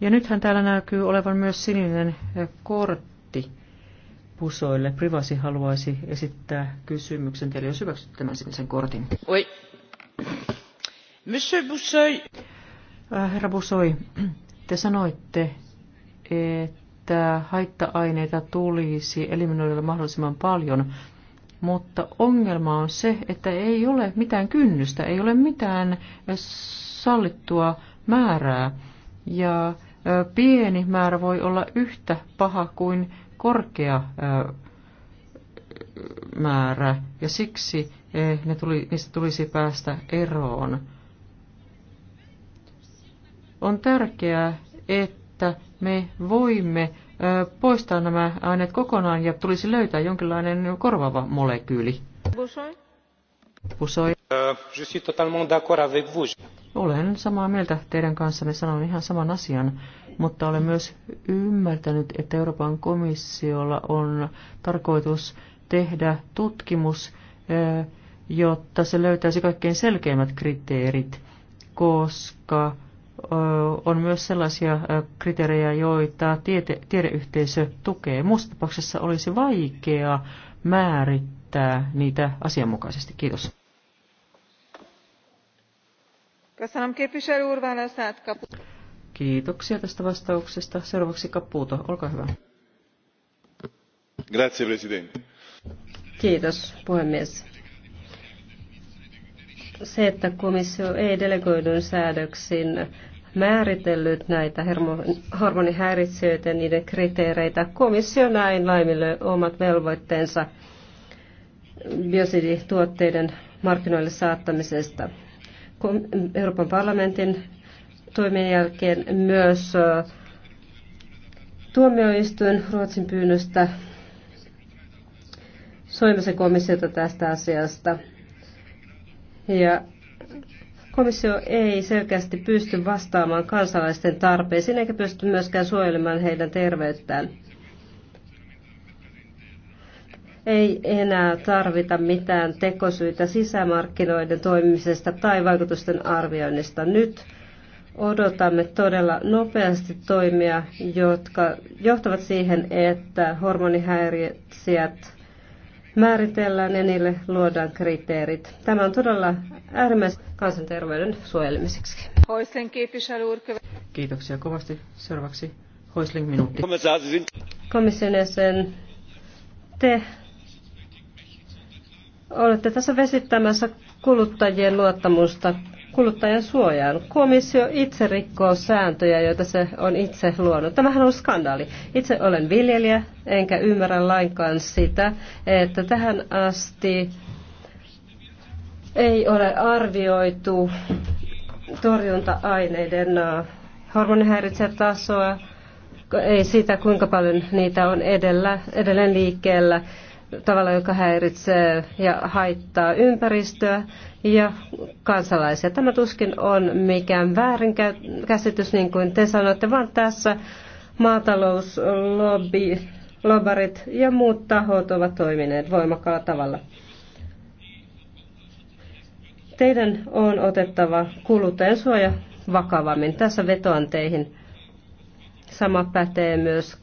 Ja nythän täällä näkyy olevan myös sininen kortti pusoille. Privasi haluaisi esittää kysymyksen teille, jos hyväksyt tämän sinisen kortin. Oi. Monsieur Bussoi. Äh, herra Bussoi, te sanoitte, että että haitta-aineita tulisi eliminoida mahdollisimman paljon, mutta ongelma on se, että ei ole mitään kynnystä, ei ole mitään sallittua määrää. Ja pieni määrä voi olla yhtä paha kuin korkea määrä, ja siksi ne tuli, niistä tulisi päästä eroon. On tärkeää, että että me voimme poistaa nämä aineet kokonaan ja tulisi löytää jonkinlainen korvaava molekyyli. Pusoi. Olen samaa mieltä teidän kanssanne, sanon ihan saman asian, mutta olen myös ymmärtänyt, että Euroopan komissiolla on tarkoitus tehdä tutkimus, jotta se löytäisi kaikkein selkeimmät kriteerit, koska on myös sellaisia kriteerejä, joita tiete, tiedeyhteisö tukee. Muussa tapauksessa olisi vaikea määrittää niitä asianmukaisesti. Kiitos. Kiitoksia tästä vastauksesta. Seuraavaksi Caputo, olkaa hyvä. Grazie, Presidente. Kiitos, puhemies. Se, että komissio ei delegoidun säädöksin määritellyt näitä hormonihäiritsijöitä ja niiden kriteereitä. Komissio näin laiminlöi omat velvoitteensa biosidituotteiden markkinoille saattamisesta. Euroopan parlamentin toimien jälkeen myös tuomioistuin Ruotsin pyynnöstä Soimisen komissiota tästä asiasta. Ja Komissio ei selkeästi pysty vastaamaan kansalaisten tarpeisiin eikä pysty myöskään suojelemaan heidän terveyttään. Ei enää tarvita mitään tekosyitä sisämarkkinoiden toimimisesta tai vaikutusten arvioinnista. Nyt odotamme todella nopeasti toimia, jotka johtavat siihen, että hormonihäiriöt sieltä määritellään ja niille luodaan kriteerit. Tämä on todella äärimmäisen kansanterveyden suojelemiseksi. Kiitoksia kovasti. Seuraavaksi Hoisling minuutti. Komission jäsen, te olette tässä vesittämässä kuluttajien luottamusta kuluttajan suojaan. Komissio itse rikkoo sääntöjä, joita se on itse luonut. Tämähän on skandaali. Itse olen viljelijä, enkä ymmärrä lainkaan sitä, että tähän asti ei ole arvioitu torjunta-aineiden äh, tasoa, ei sitä, kuinka paljon niitä on edellä, edelleen liikkeellä tavalla, joka häiritsee ja haittaa ympäristöä ja kansalaisia. Tämä tuskin on mikään väärinkäsitys, niin kuin te sanoitte, vaan tässä maatalouslobby, lobarit ja muut tahot ovat toimineet voimakkaalla tavalla. Teidän on otettava kuluttajan suoja vakavammin. Tässä vetoan teihin. Sama pätee myös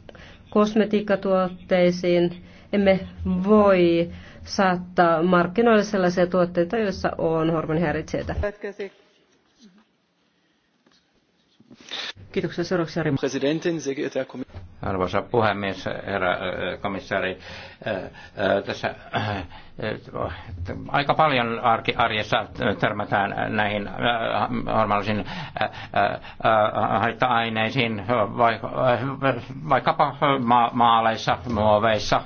kosmetiikkatuotteisiin. Emme voi saattaa markkinoille sellaisia tuotteita, joissa on hormonihäiritseitä. Kiitoksia seuraavaksi Jari. Arvoisa puhemies, herra komissaari, tässä aika paljon arjessa törmätään näihin hormonallisiin haitta-aineisiin, vaikkapa maaleissa, muoveissa,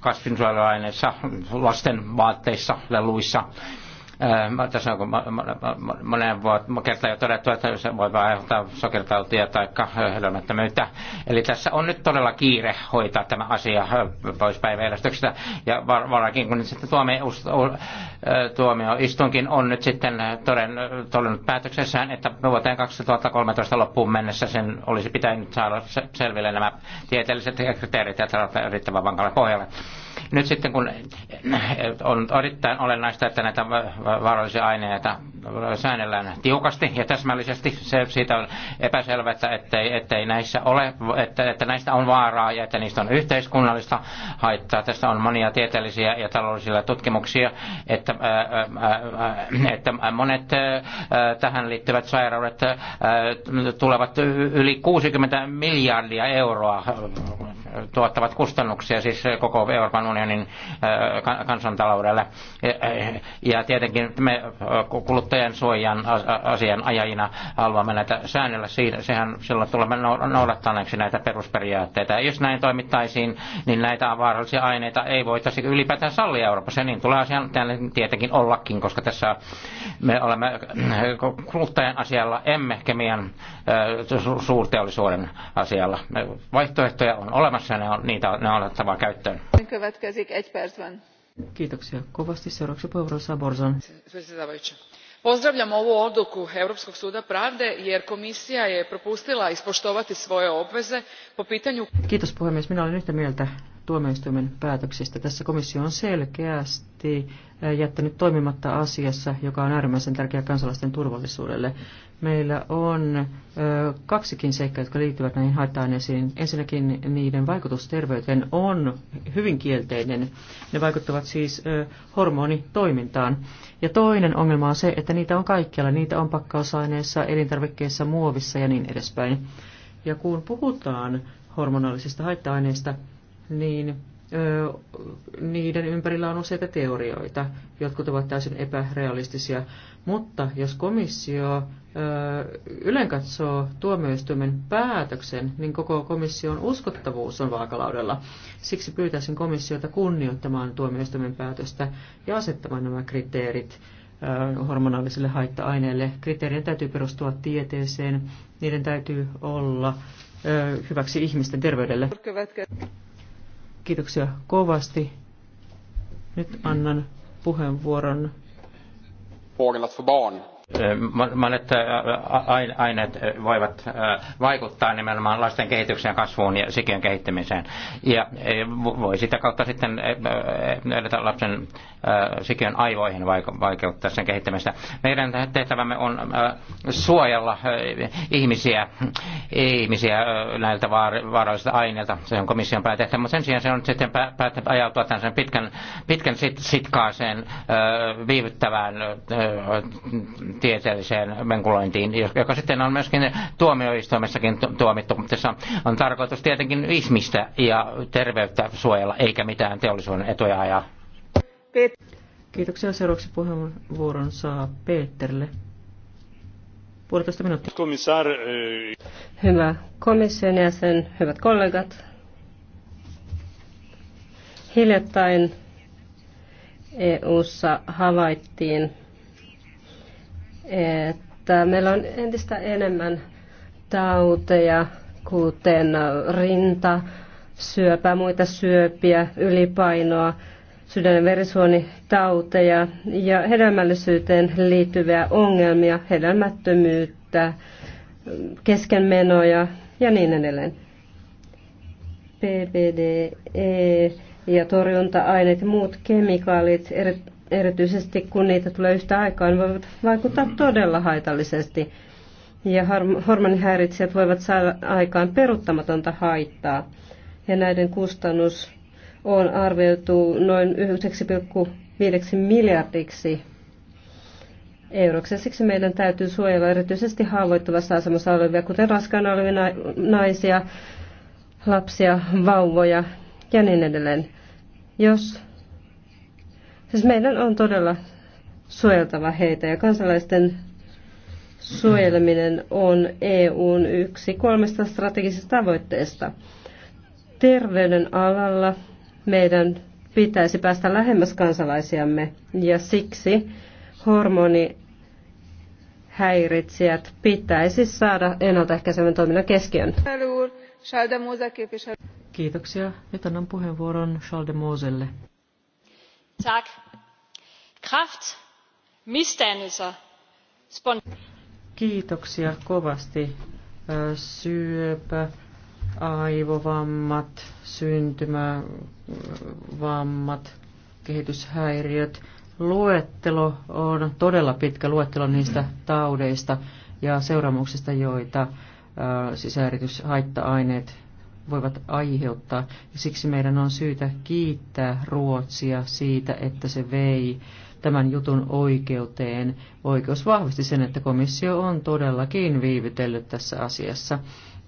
kasvinsuojeluaineissa, lasten vaatteissa, leluissa tässä on monen kertaan jo todettu, että se voi aiheuttaa sokertautia tai hedelmättömyyttä. Eli tässä on nyt todella kiire hoitaa tämä asia pois päiväjärjestyksestä. Ja varakin kun nyt sitten tuomioistuinkin on nyt sitten todennut päätöksessään, että vuoteen 2013 loppuun mennessä sen olisi pitänyt saada selville nämä tieteelliset kriteerit ja riittävän vankalle pohjalle. Nyt sitten kun on erittäin olennaista, että näitä vaarallisia aineita säännellään tiukasti ja täsmällisesti, se siitä on epäselvä, että ettei, ettei näissä ole, että, että näistä on vaaraa ja että niistä on yhteiskunnallista haittaa. Tästä on monia tieteellisiä ja taloudellisia tutkimuksia, että, että monet tähän liittyvät sairaudet tulevat yli 60 miljardia euroa tuottavat kustannuksia siis koko Euroopan unionin kansantaloudelle. Ja tietenkin me kuluttajan suojan asian ajajina haluamme näitä säännellä sehän silloin tulemme noudattaneeksi näitä perusperiaatteita. Jos näin toimittaisiin, niin näitä vaarallisia aineita ei voitaisi ylipäätään sallia Euroopassa. Ja niin tulee asian tietenkin ollakin, koska tässä me olemme kuluttajan asialla, emme kemian suurteollisuuden asialla. Vaihtoehtoja on olemassa olemassa, ne on, niitä ne on otettava käyttöön. Kiitoksia kovasti. Seuraavaksi puheenvuoro saa Borzan. Pozdravljam ovu odluku Europskog suda pravde jer komisija je propustila ispoštovati svoje obveze po pitanju... Kiitos puhemies. Minä olen yhtä mieltä tuomioistuimen päätöksistä. Tässä komissio on selkeästi jättänyt toimimatta asiassa, joka on äärimmäisen tärkeä kansalaisten turvallisuudelle. Meillä on kaksikin seikkaa, jotka liittyvät näihin haitta-aineisiin. Ensinnäkin niiden vaikutus terveyteen on hyvin kielteinen. Ne vaikuttavat siis hormonitoimintaan. Ja toinen ongelma on se, että niitä on kaikkialla. Niitä on pakkausaineissa, elintarvikkeissa, muovissa ja niin edespäin. Ja kun puhutaan hormonaalisista haitta-aineista, niin niiden ympärillä on useita teorioita, jotkut ovat täysin epärealistisia, mutta jos komissio ylen katsoo tuomioistuimen päätöksen, niin koko komission uskottavuus on vaakalaudella. Siksi pyytäisin komissiota kunnioittamaan tuomioistuimen päätöstä ja asettamaan nämä kriteerit hormonaalisille haitta-aineille. Kriteerien täytyy perustua tieteeseen, niiden täytyy olla hyväksi ihmisten terveydelle. Kiitoksia kovasti. Nyt annan puheenvuoron. Fågeln att få barn Monet aineet voivat vaikuttaa nimenomaan lasten kehitykseen ja kasvuun ja sikiön kehittämiseen. Ja voi sitä kautta sitten edetä lapsen sikiön aivoihin vaikeuttaa sen kehittämistä. Meidän tehtävämme on suojella ihmisiä, ihmisiä näiltä vaarallisilta aineilta. Se on komission päätehtävä, mutta sen sijaan se on sitten päättänyt ajautua tämän pitkän, pitkän sit, sitkaaseen viivyttävään tieteelliseen menkulointiin, joka sitten on myöskin tuomioistuimessakin tuomittu. Tässä on tarkoitus tietenkin ihmistä ja terveyttä suojella, eikä mitään teollisuuden etuja ajaa. Kiitoksia. Seuraavaksi puheenvuoron saa Peterille. Puolitoista minuuttia. Komissaar... Hyvä komission jäsen, hyvät kollegat. Hiljattain EU:ssa havaittiin että meillä on entistä enemmän tauteja, kuten rinta, syöpä, muita syöpiä, ylipainoa, sydän- ja verisuonitauteja ja hedelmällisyyteen liittyviä ongelmia, hedelmättömyyttä, keskenmenoja ja niin edelleen. PPDE ja torjunta-aineet ja muut kemikaalit, erityisesti kun niitä tulee yhtä aikaan, niin voivat vaikuttaa todella haitallisesti. Ja hormonihäiritsijät voivat saada aikaan peruttamatonta haittaa. Ja näiden kustannus on arvioitu noin 9,5 miljardiksi euroksi. Siksi meidän täytyy suojella erityisesti haavoittuvassa asemassa olevia, kuten raskaana olevia naisia, lapsia, vauvoja ja niin edelleen. Jos Siis meidän on todella suojeltava heitä ja kansalaisten suojeleminen on EUn yksi kolmesta strategisesta tavoitteesta. Terveyden alalla meidän pitäisi päästä lähemmäs kansalaisiamme ja siksi hormonihäiritsijät pitäisi saada ennaltaehkäisevän toiminnan keskiön. Kiitoksia. Nyt annan puheenvuoron Charles Moselle. Tack kraft Kiitoksia kovasti. Syöpä, aivovammat, syntymävammat, kehityshäiriöt. Luettelo on todella pitkä luettelo niistä taudeista ja seuraamuksista, joita sisäerityshaitta-aineet voivat aiheuttaa. Ja siksi meidän on syytä kiittää Ruotsia siitä, että se vei tämän jutun oikeuteen. Oikeus vahvisti sen, että komissio on todellakin viivytellyt tässä asiassa.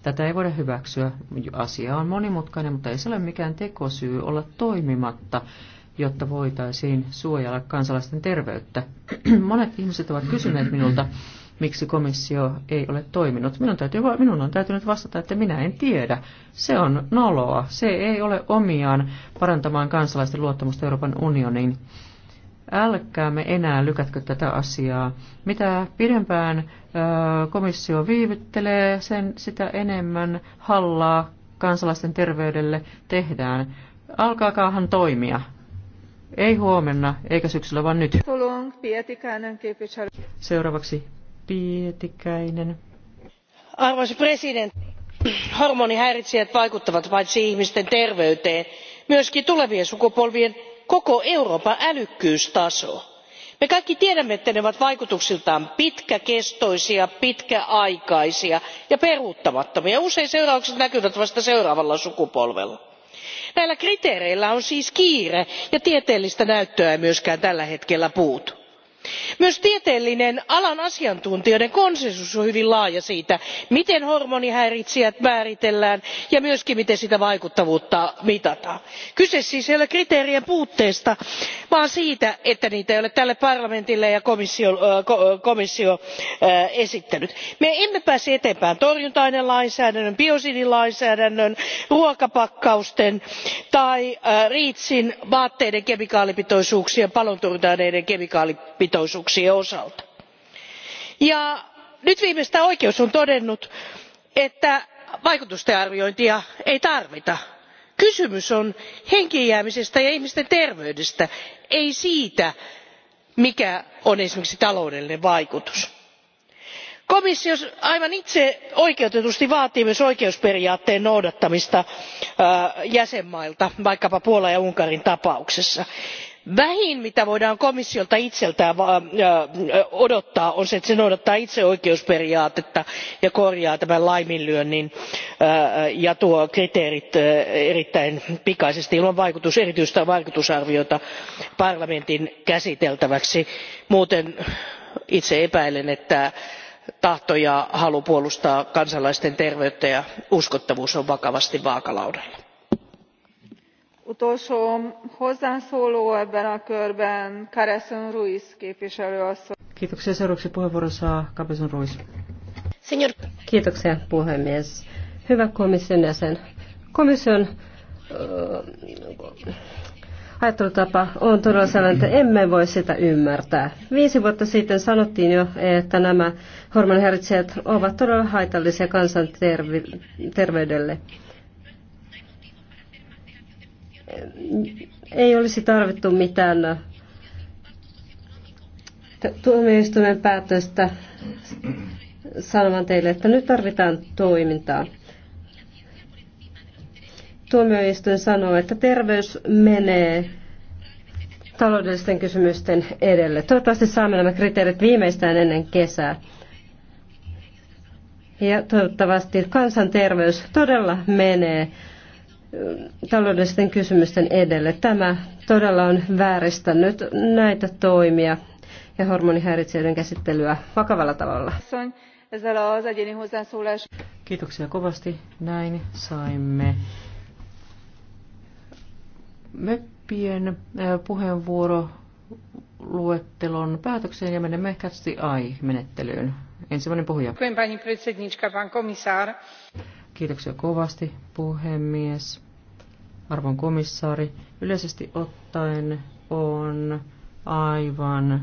Tätä ei voida hyväksyä. Asia on monimutkainen, mutta ei se ole mikään tekosyy olla toimimatta, jotta voitaisiin suojella kansalaisten terveyttä. [clears throat] Monet ihmiset ovat kysyneet minulta, miksi komissio ei ole toiminut. Minun, täytyy, minun on täytynyt vastata, että minä en tiedä. Se on noloa. Se ei ole omiaan parantamaan kansalaisten luottamusta Euroopan unioniin älkäämme enää lykätkö tätä asiaa. Mitä pidempään komissio viivyttelee, sen sitä enemmän hallaa kansalaisten terveydelle tehdään. Alkaakaahan toimia. Ei huomenna, eikä syksyllä, vaan nyt. Seuraavaksi Pietikäinen. Arvoisa presidentti, hormonihäiritsijät vaikuttavat paitsi ihmisten terveyteen, myöskin tulevien sukupolvien koko euroopan älykkyystaso. me kaikki tiedämme että ne ovat vaikutuksiltaan pitkäkestoisia pitkäaikaisia ja peruuttamattomia ja usein seuraukset näkyvät vasta seuraavalla sukupolvella. näillä kriteereillä on siis kiire ja tieteellistä näyttöä ei myöskään tällä hetkellä puutu myös tieteellinen alan asiantuntijoiden konsensus on hyvin laaja siitä miten hormonihäiritsijät määritellään ja myös siitä miten niiden vaikuttavuutta mitataan. kyse siis ei ole kriteerien puutteesta vaan siitä että niitä ei ole tälle parlamentille ja komissio esittänyt. me emme pääse eteenpäin torjunta ainelainsäädännön biosidilainsäädännön ruokapakkausten tai reachin vaatteiden kemikaalipitoisuuksien palontorjunta aineiden kemikaalipitoisuuksien yksipitoisuuksien osalta. nyt viimeistään oikeus on todennut että vaikutusten arviointia ei tarvita. kysymys on henkiin jäämisestä ja ihmisten terveydestä ei siitä mikä on esimerkiksi taloudellinen vaikutus. komissio aivan oikeutetusti vaatii myös oikeusperiaatteen noudattamista jäsenvaltioilta vaikkapa puolan ja unkarin tapauksessa vähin mitä voidaan komissiolta itseltään odottaa on se että se noudattaa itse oikeusperiaatetta ja korjaa tämän laiminlyönnin ja tuo kriteerit erittäin pikaisesti ilman erityistä vaikutusarviota parlamentin käsiteltäväksi muuten itse epäilen että tahto ja halu puolustaa kansalaisten terveyttä ja uskottavuus on vakavasti vaakalaudalla utolsó hozzászóló ebben a körben Carson Ruiz képviselő asszony. Kiitoksia. Seuraavaksi puheenvuoro saa Cabezon Ruiz. Senior. Kiitoksia puhemies. Hyvä komission jäsen. Komission ajattelutapa on todella sellainen, että emme voi sitä ymmärtää. Viisi vuotta sitten sanottiin jo, että nämä hormonihäiritsejät ovat todella haitallisia kansanterveydelle. Kansanterve- ei olisi tarvittu mitään tuomioistuimen päätöstä sanomaan teille, että nyt tarvitaan toimintaa. Tuomioistuin sanoo, että terveys menee taloudellisten kysymysten edelle. Toivottavasti saamme nämä kriteerit viimeistään ennen kesää. Ja toivottavasti kansanterveys todella menee taloudellisten kysymysten edelle. Tämä todella on vääristänyt näitä toimia ja hormonihäiritseiden käsittelyä vakavalla tavalla. Kiitoksia kovasti. Näin saimme meppien puheenvuoro luettelon päätökseen ja menemme ai menettelyyn Ensimmäinen puhuja. Kiitoksia kovasti, puhemies arvon komissaari, yleisesti ottaen on aivan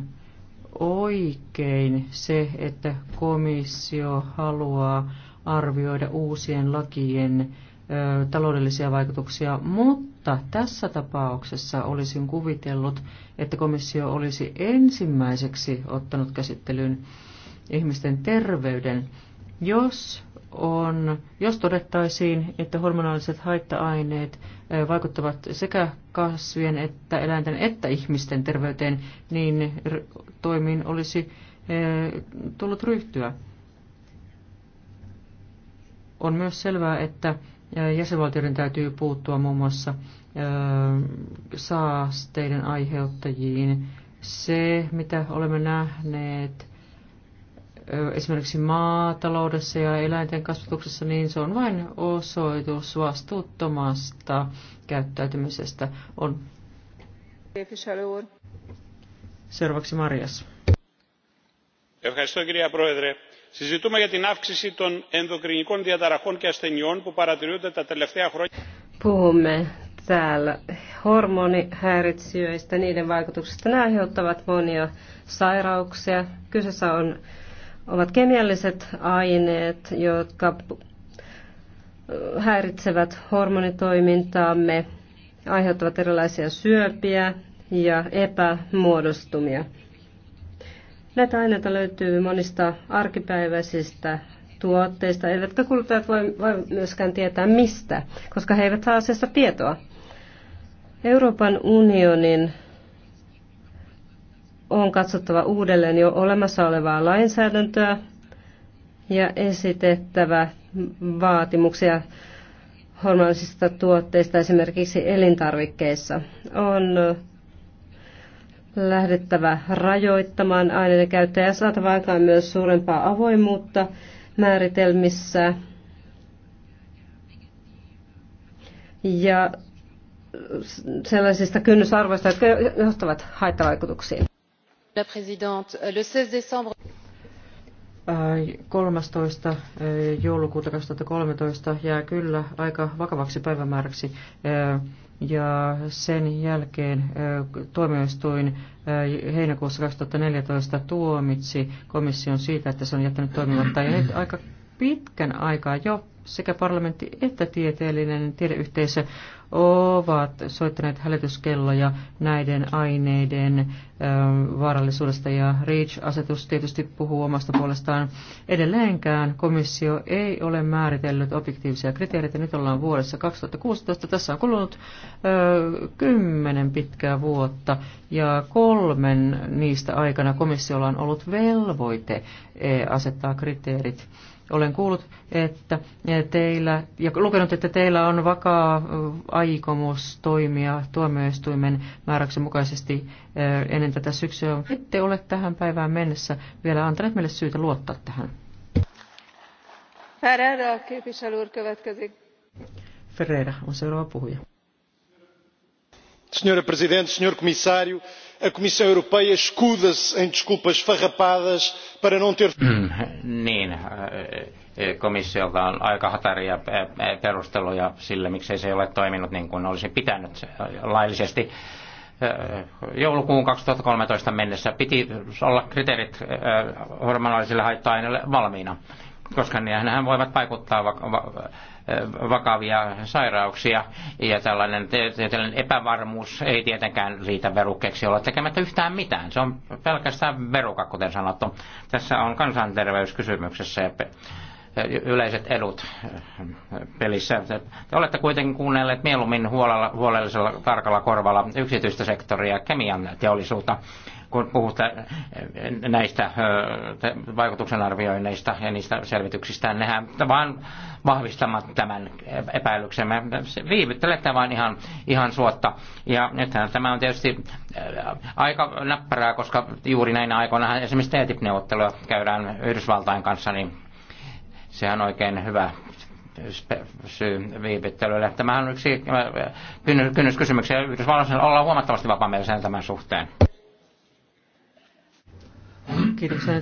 oikein se, että komissio haluaa arvioida uusien lakien ö, taloudellisia vaikutuksia, mutta tässä tapauksessa olisin kuvitellut, että komissio olisi ensimmäiseksi ottanut käsittelyyn ihmisten terveyden. Jos on, jos todettaisiin, että hormonaaliset haitta-aineet vaikuttavat sekä kasvien että eläinten että ihmisten terveyteen, niin toimiin olisi tullut ryhtyä. On myös selvää, että jäsenvaltioiden täytyy puuttua muun muassa saasteiden aiheuttajiin. Se, mitä olemme nähneet esimerkiksi maataloudessa ja eläinten kasvatuksessa, niin se on vain osoitus vastuuttomasta käyttäytymisestä. On. Seuraavaksi Marias. Puhumme täällä hormonihäiritsijöistä, niiden vaikutuksista. Ne aiheuttavat monia sairauksia. Kyseessä on ovat kemialliset aineet, jotka häiritsevät hormonitoimintaamme, aiheuttavat erilaisia syöpiä ja epämuodostumia. Näitä aineita löytyy monista arkipäiväisistä tuotteista, eivätkä kuluttajat voi, voi myöskään tietää mistä, koska he eivät saa asiasta tietoa. Euroopan unionin on katsottava uudelleen jo olemassa olevaa lainsäädäntöä ja esitettävä vaatimuksia hormonallisista tuotteista esimerkiksi elintarvikkeissa. On lähdettävä rajoittamaan aineiden käyttöä ja saatava aikaan myös suurempaa avoimuutta määritelmissä. Ja sellaisista kynnysarvoista, jotka johtavat haittavaikutuksiin la présidente euh, le seize décembre kolmastoista eh, joulukuuta kaksituhatta kolmetoista jää kyllä aika vakavaksi päivämääräksi eh, ja sen jälkeen eh, tuomioistuin heinäkuussa 2014 tuomitsi komission siitä, että se on jättänyt toimimatta ja nyt aika pitkän aikaa jo sekä parlamentti että tieteellinen tiedeyhteisö ovat soittaneet hälytyskelloja näiden aineiden vaarallisuudesta ja REACH-asetus tietysti puhuu omasta puolestaan. Edelleenkään komissio ei ole määritellyt objektiivisia kriteereitä. Nyt ollaan vuodessa 2016. Tässä on kulunut kymmenen pitkää vuotta ja kolmen niistä aikana komissiolla on ollut velvoite e, asettaa kriteerit. Olen kuullut, että teillä, ja lukenut, että teillä on vakaa aikomus toimia tuomioistuimen määräyksen mukaisesti ennen tätä syksyä. Ette ole tähän päivään mennessä vielä antaneet meille syytä luottaa tähän. Ferreira, Ferreira on seuraava puhuja. Signora Presidente, signor Commissario, a Comissão Europeia escuda-se em desculpas farrapadas para não ter... Mm, niin, eh, eh, komissiolta on aika hataria eh, perusteluja sille, miksei se ole toiminut niin kuin olisi pitänyt laillisesti joulukuun 2013 mennessä piti olla kriteerit hormonaalisille haitta-aineille valmiina, koska nehän voivat vaikuttaa vakavia sairauksia ja tällainen, tällainen epävarmuus ei tietenkään riitä verukkeeksi olla tekemättä yhtään mitään. Se on pelkästään veruka, kuten sanottu. Tässä on kansanterveyskysymyksessä ja yleiset edut pelissä. Te olette kuitenkin kuunnelleet mieluummin huolella, huolellisella tarkalla korvalla yksityistä sektoria, kemian teollisuutta kun puhutaan näistä vaikutuksen arvioinneista ja niistä selvityksistä, nehän vaan vahvistamat tämän epäilyksemme. Viivyttelette vaan ihan, ihan suotta. Ja nythän tämä on tietysti aika näppärää, koska juuri näinä aikoina esimerkiksi TTIP-neuvotteluja käydään Yhdysvaltain kanssa, niin sehän on oikein hyvä syy viivittelylle. Tämähän on yksi kynnyskysymyksiä. Yhdysvalloissa ollaan huomattavasti vapaamielisenä tämän suhteen. Mm-hmm. Kiitoksia.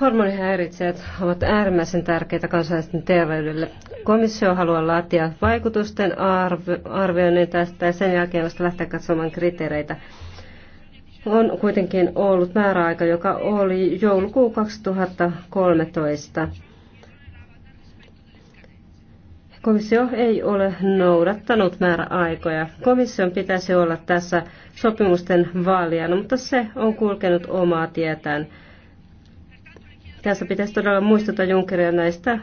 Hormonihäiritsijät ovat äärimmäisen tärkeitä kansalaisten terveydelle. Komissio haluaa laatia vaikutusten arvioinnin tästä ja sen jälkeen vasta lähteä katsomaan kriteereitä. On kuitenkin ollut määräaika, joka oli joulukuu 2013. Komissio ei ole noudattanut määräaikoja. Komission pitäisi olla tässä sopimusten vaalijana, mutta se on kulkenut omaa tietään. Tässä pitäisi todella muistuttaa Junckeria näistä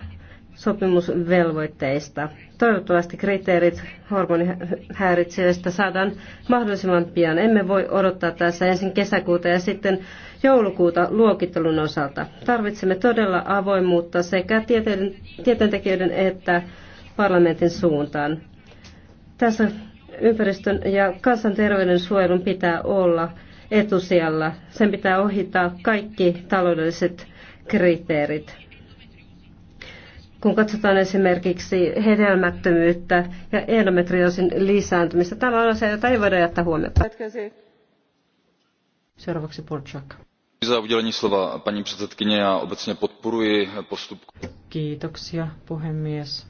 sopimusvelvoitteista. Toivottavasti kriteerit hormonihäiritsijöistä saadaan mahdollisimman pian. Emme voi odottaa tässä ensin kesäkuuta ja sitten joulukuuta luokittelun osalta. Tarvitsemme todella avoimuutta sekä tieteen tieteentekijöiden että parlamentin suuntaan. Tässä ympäristön ja kansanterveyden suojelun pitää olla etusijalla. Sen pitää ohittaa kaikki taloudelliset kriteerit. Kun katsotaan esimerkiksi hedelmättömyyttä ja endometriosin lisääntymistä, tämä on asia, jota ei voida jättää huomiota. Seuraavaksi Polchak. Kiitoksia, puhemies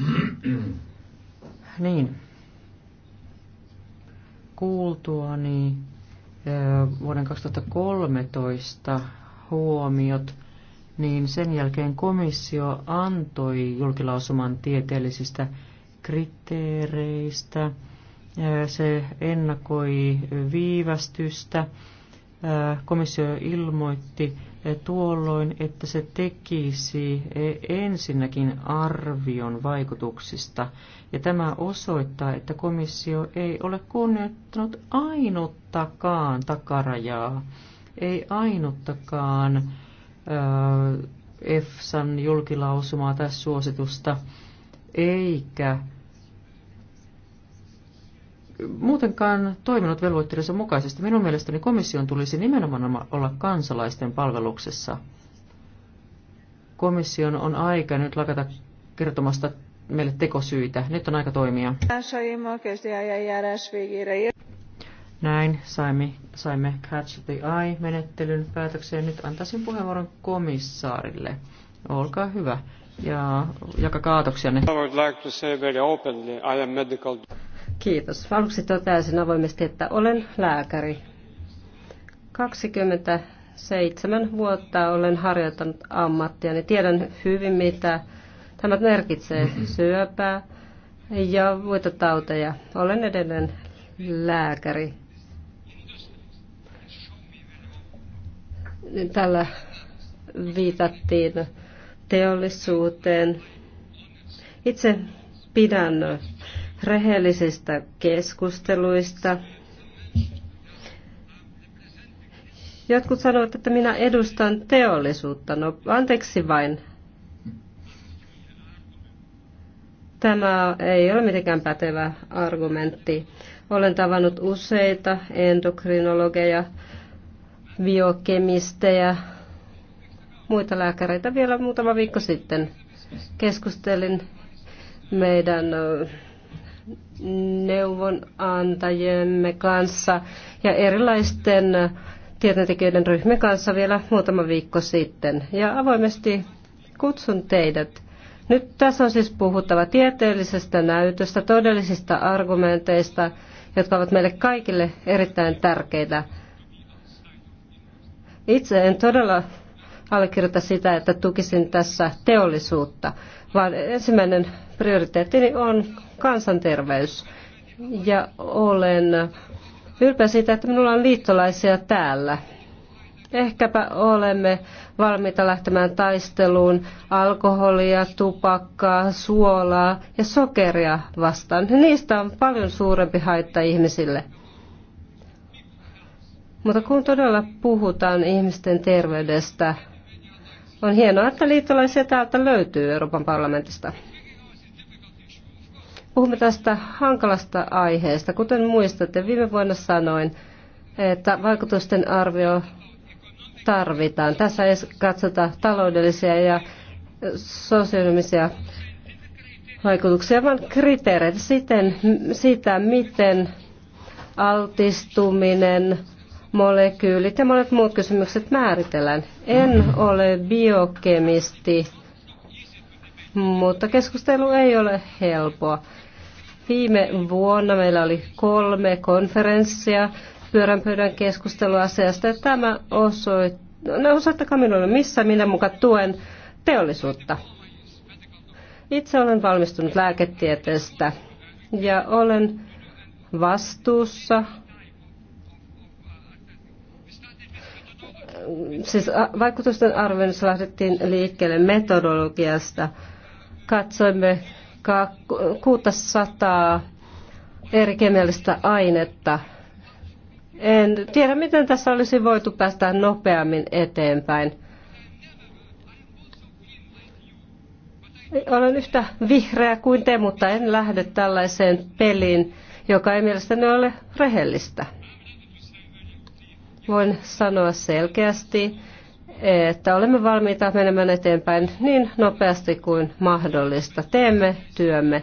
[clears throat] niin. Kuultuani vuoden 2013 huomiot, niin sen jälkeen komissio antoi julkilausuman tieteellisistä kriteereistä. Se ennakoi viivästystä. Komissio ilmoitti tuolloin, että se tekisi e, ensinnäkin arvion vaikutuksista. Ja tämä osoittaa, että komissio ei ole kunnioittanut ainuttakaan takarajaa, ei ainuttakaan EFSAn julkilausumaa tai suositusta, eikä muutenkaan toiminut velvoitteidensa mukaisesti. Minun mielestäni komission tulisi nimenomaan olla kansalaisten palveluksessa. Komission on aika nyt lakata kertomasta meille tekosyitä. Nyt on aika toimia. Näin saimme, saimme Catch the Eye-menettelyn päätökseen. Nyt antaisin puheenvuoron komissaarille. Olkaa hyvä ja jakakaa ajatuksianne. I would like to say very openly, I am medical... Kiitos. Aluksi toteaisin avoimesti, että olen lääkäri. 27 vuotta olen harjoittanut ammattia, niin tiedän hyvin, mitä tämä merkitsee mm-hmm. syöpää ja muita tauteja. Olen edelleen lääkäri. Tällä viitattiin teollisuuteen. Itse pidän rehellisistä keskusteluista. Jotkut sanovat, että minä edustan teollisuutta. No, anteeksi vain. Tämä ei ole mitenkään pätevä argumentti. Olen tavannut useita endokrinologeja, biokemistejä, muita lääkäreitä vielä muutama viikko sitten. Keskustelin meidän neuvonantajiemme kanssa ja erilaisten tietotekijöiden ryhmien kanssa vielä muutama viikko sitten. Ja avoimesti kutsun teidät. Nyt tässä on siis puhuttava tieteellisestä näytöstä, todellisista argumenteista, jotka ovat meille kaikille erittäin tärkeitä. Itse en todella allekirjoita sitä, että tukisin tässä teollisuutta, vaan ensimmäinen prioriteettini on kansanterveys. Ja olen ylpeä siitä, että minulla on liittolaisia täällä. Ehkäpä olemme valmiita lähtemään taisteluun alkoholia, tupakkaa, suolaa ja sokeria vastaan. Niistä on paljon suurempi haitta ihmisille. Mutta kun todella puhutaan ihmisten terveydestä, on hienoa, että liittolaisia täältä löytyy Euroopan parlamentista. Puhumme tästä hankalasta aiheesta. Kuten muistatte, viime vuonna sanoin, että vaikutusten arvio tarvitaan. Tässä ei katsota taloudellisia ja sosionomisia vaikutuksia, vaan kriteereitä siten, siitä, miten altistuminen, molekyylit ja monet muut kysymykset määritellään. En ole biokemisti, mutta keskustelu ei ole helpoa. Viime vuonna meillä oli kolme konferenssia pyöränpöydän keskusteluasiasta ja tämä osoittaa, no osoittakaa minulle, missä minä mukaan tuen teollisuutta. Itse olen valmistunut lääketieteestä ja olen vastuussa siis vaikutusten arvioinnissa lähdettiin liikkeelle metodologiasta. Katsoimme 600 eri kemiallista ainetta. En tiedä, miten tässä olisi voitu päästä nopeammin eteenpäin. Olen yhtä vihreä kuin te, mutta en lähde tällaiseen peliin, joka ei mielestäni ole rehellistä voin sanoa selkeästi, että olemme valmiita menemään eteenpäin niin nopeasti kuin mahdollista. Teemme työmme.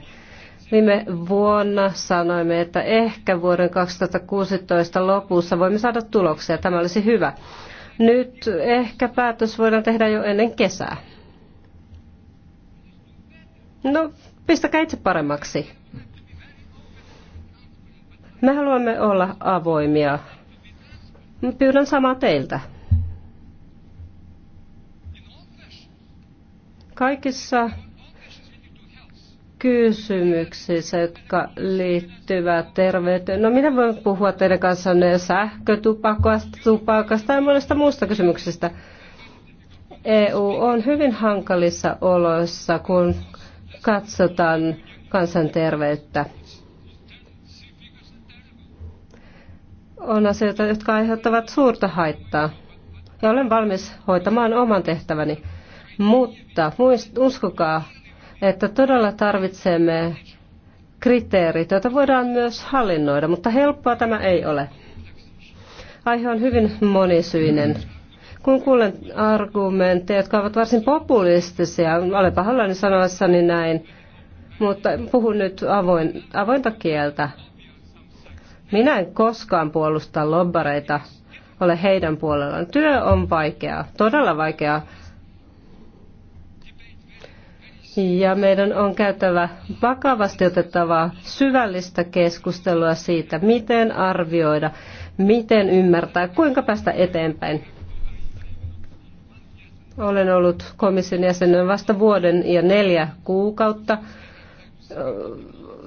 Viime vuonna sanoimme, että ehkä vuoden 2016 lopussa voimme saada tuloksia. Tämä olisi hyvä. Nyt ehkä päätös voidaan tehdä jo ennen kesää. No, pistäkää itse paremmaksi. Me haluamme olla avoimia Pyydän samaa teiltä. Kaikissa kysymyksissä, jotka liittyvät terveyteen. No minä voin puhua teidän kanssanne sähkötupakasta, tupakasta ja monesta muusta kysymyksestä. EU on hyvin hankalissa oloissa, kun katsotaan kansanterveyttä. on asioita, jotka aiheuttavat suurta haittaa. Ja olen valmis hoitamaan oman tehtäväni. Mutta muist, uskokaa, että todella tarvitsemme kriteerit, joita voidaan myös hallinnoida, mutta helppoa tämä ei ole. Aihe on hyvin monisyinen. Kun kuulen argumentteja, jotka ovat varsin populistisia, olen pahallani sanoessani näin, mutta puhun nyt avoin, avointa kieltä. Minä en koskaan puolusta lobbareita, ole heidän puolellaan. Työ on vaikeaa, todella vaikeaa. Ja meidän on käytävä vakavasti otettavaa syvällistä keskustelua siitä, miten arvioida, miten ymmärtää, kuinka päästä eteenpäin. Olen ollut komission jäsenen vasta vuoden ja neljä kuukautta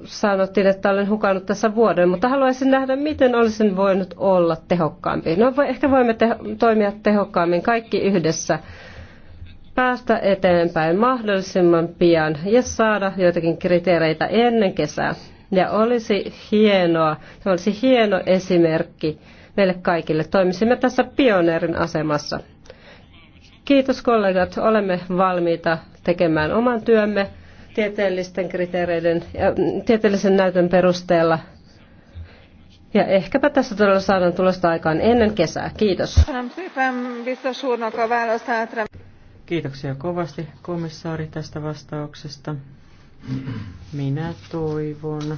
sanottiin, että olen hukannut tässä vuoden, mutta haluaisin nähdä, miten olisin voinut olla tehokkaampi. No ehkä voimme teho toimia tehokkaammin kaikki yhdessä, päästä eteenpäin mahdollisimman pian ja saada joitakin kriteereitä ennen kesää. Ja olisi hienoa, se olisi hieno esimerkki meille kaikille. Toimisimme tässä pioneerin asemassa. Kiitos kollegat, olemme valmiita tekemään oman työmme tieteellisten kriteereiden ja mm, tieteellisen näytön perusteella. Ja ehkäpä tässä todella saadaan tulosta aikaan ennen kesää. Kiitos. Kiitoksia kovasti komissaari tästä vastauksesta. Minä toivon,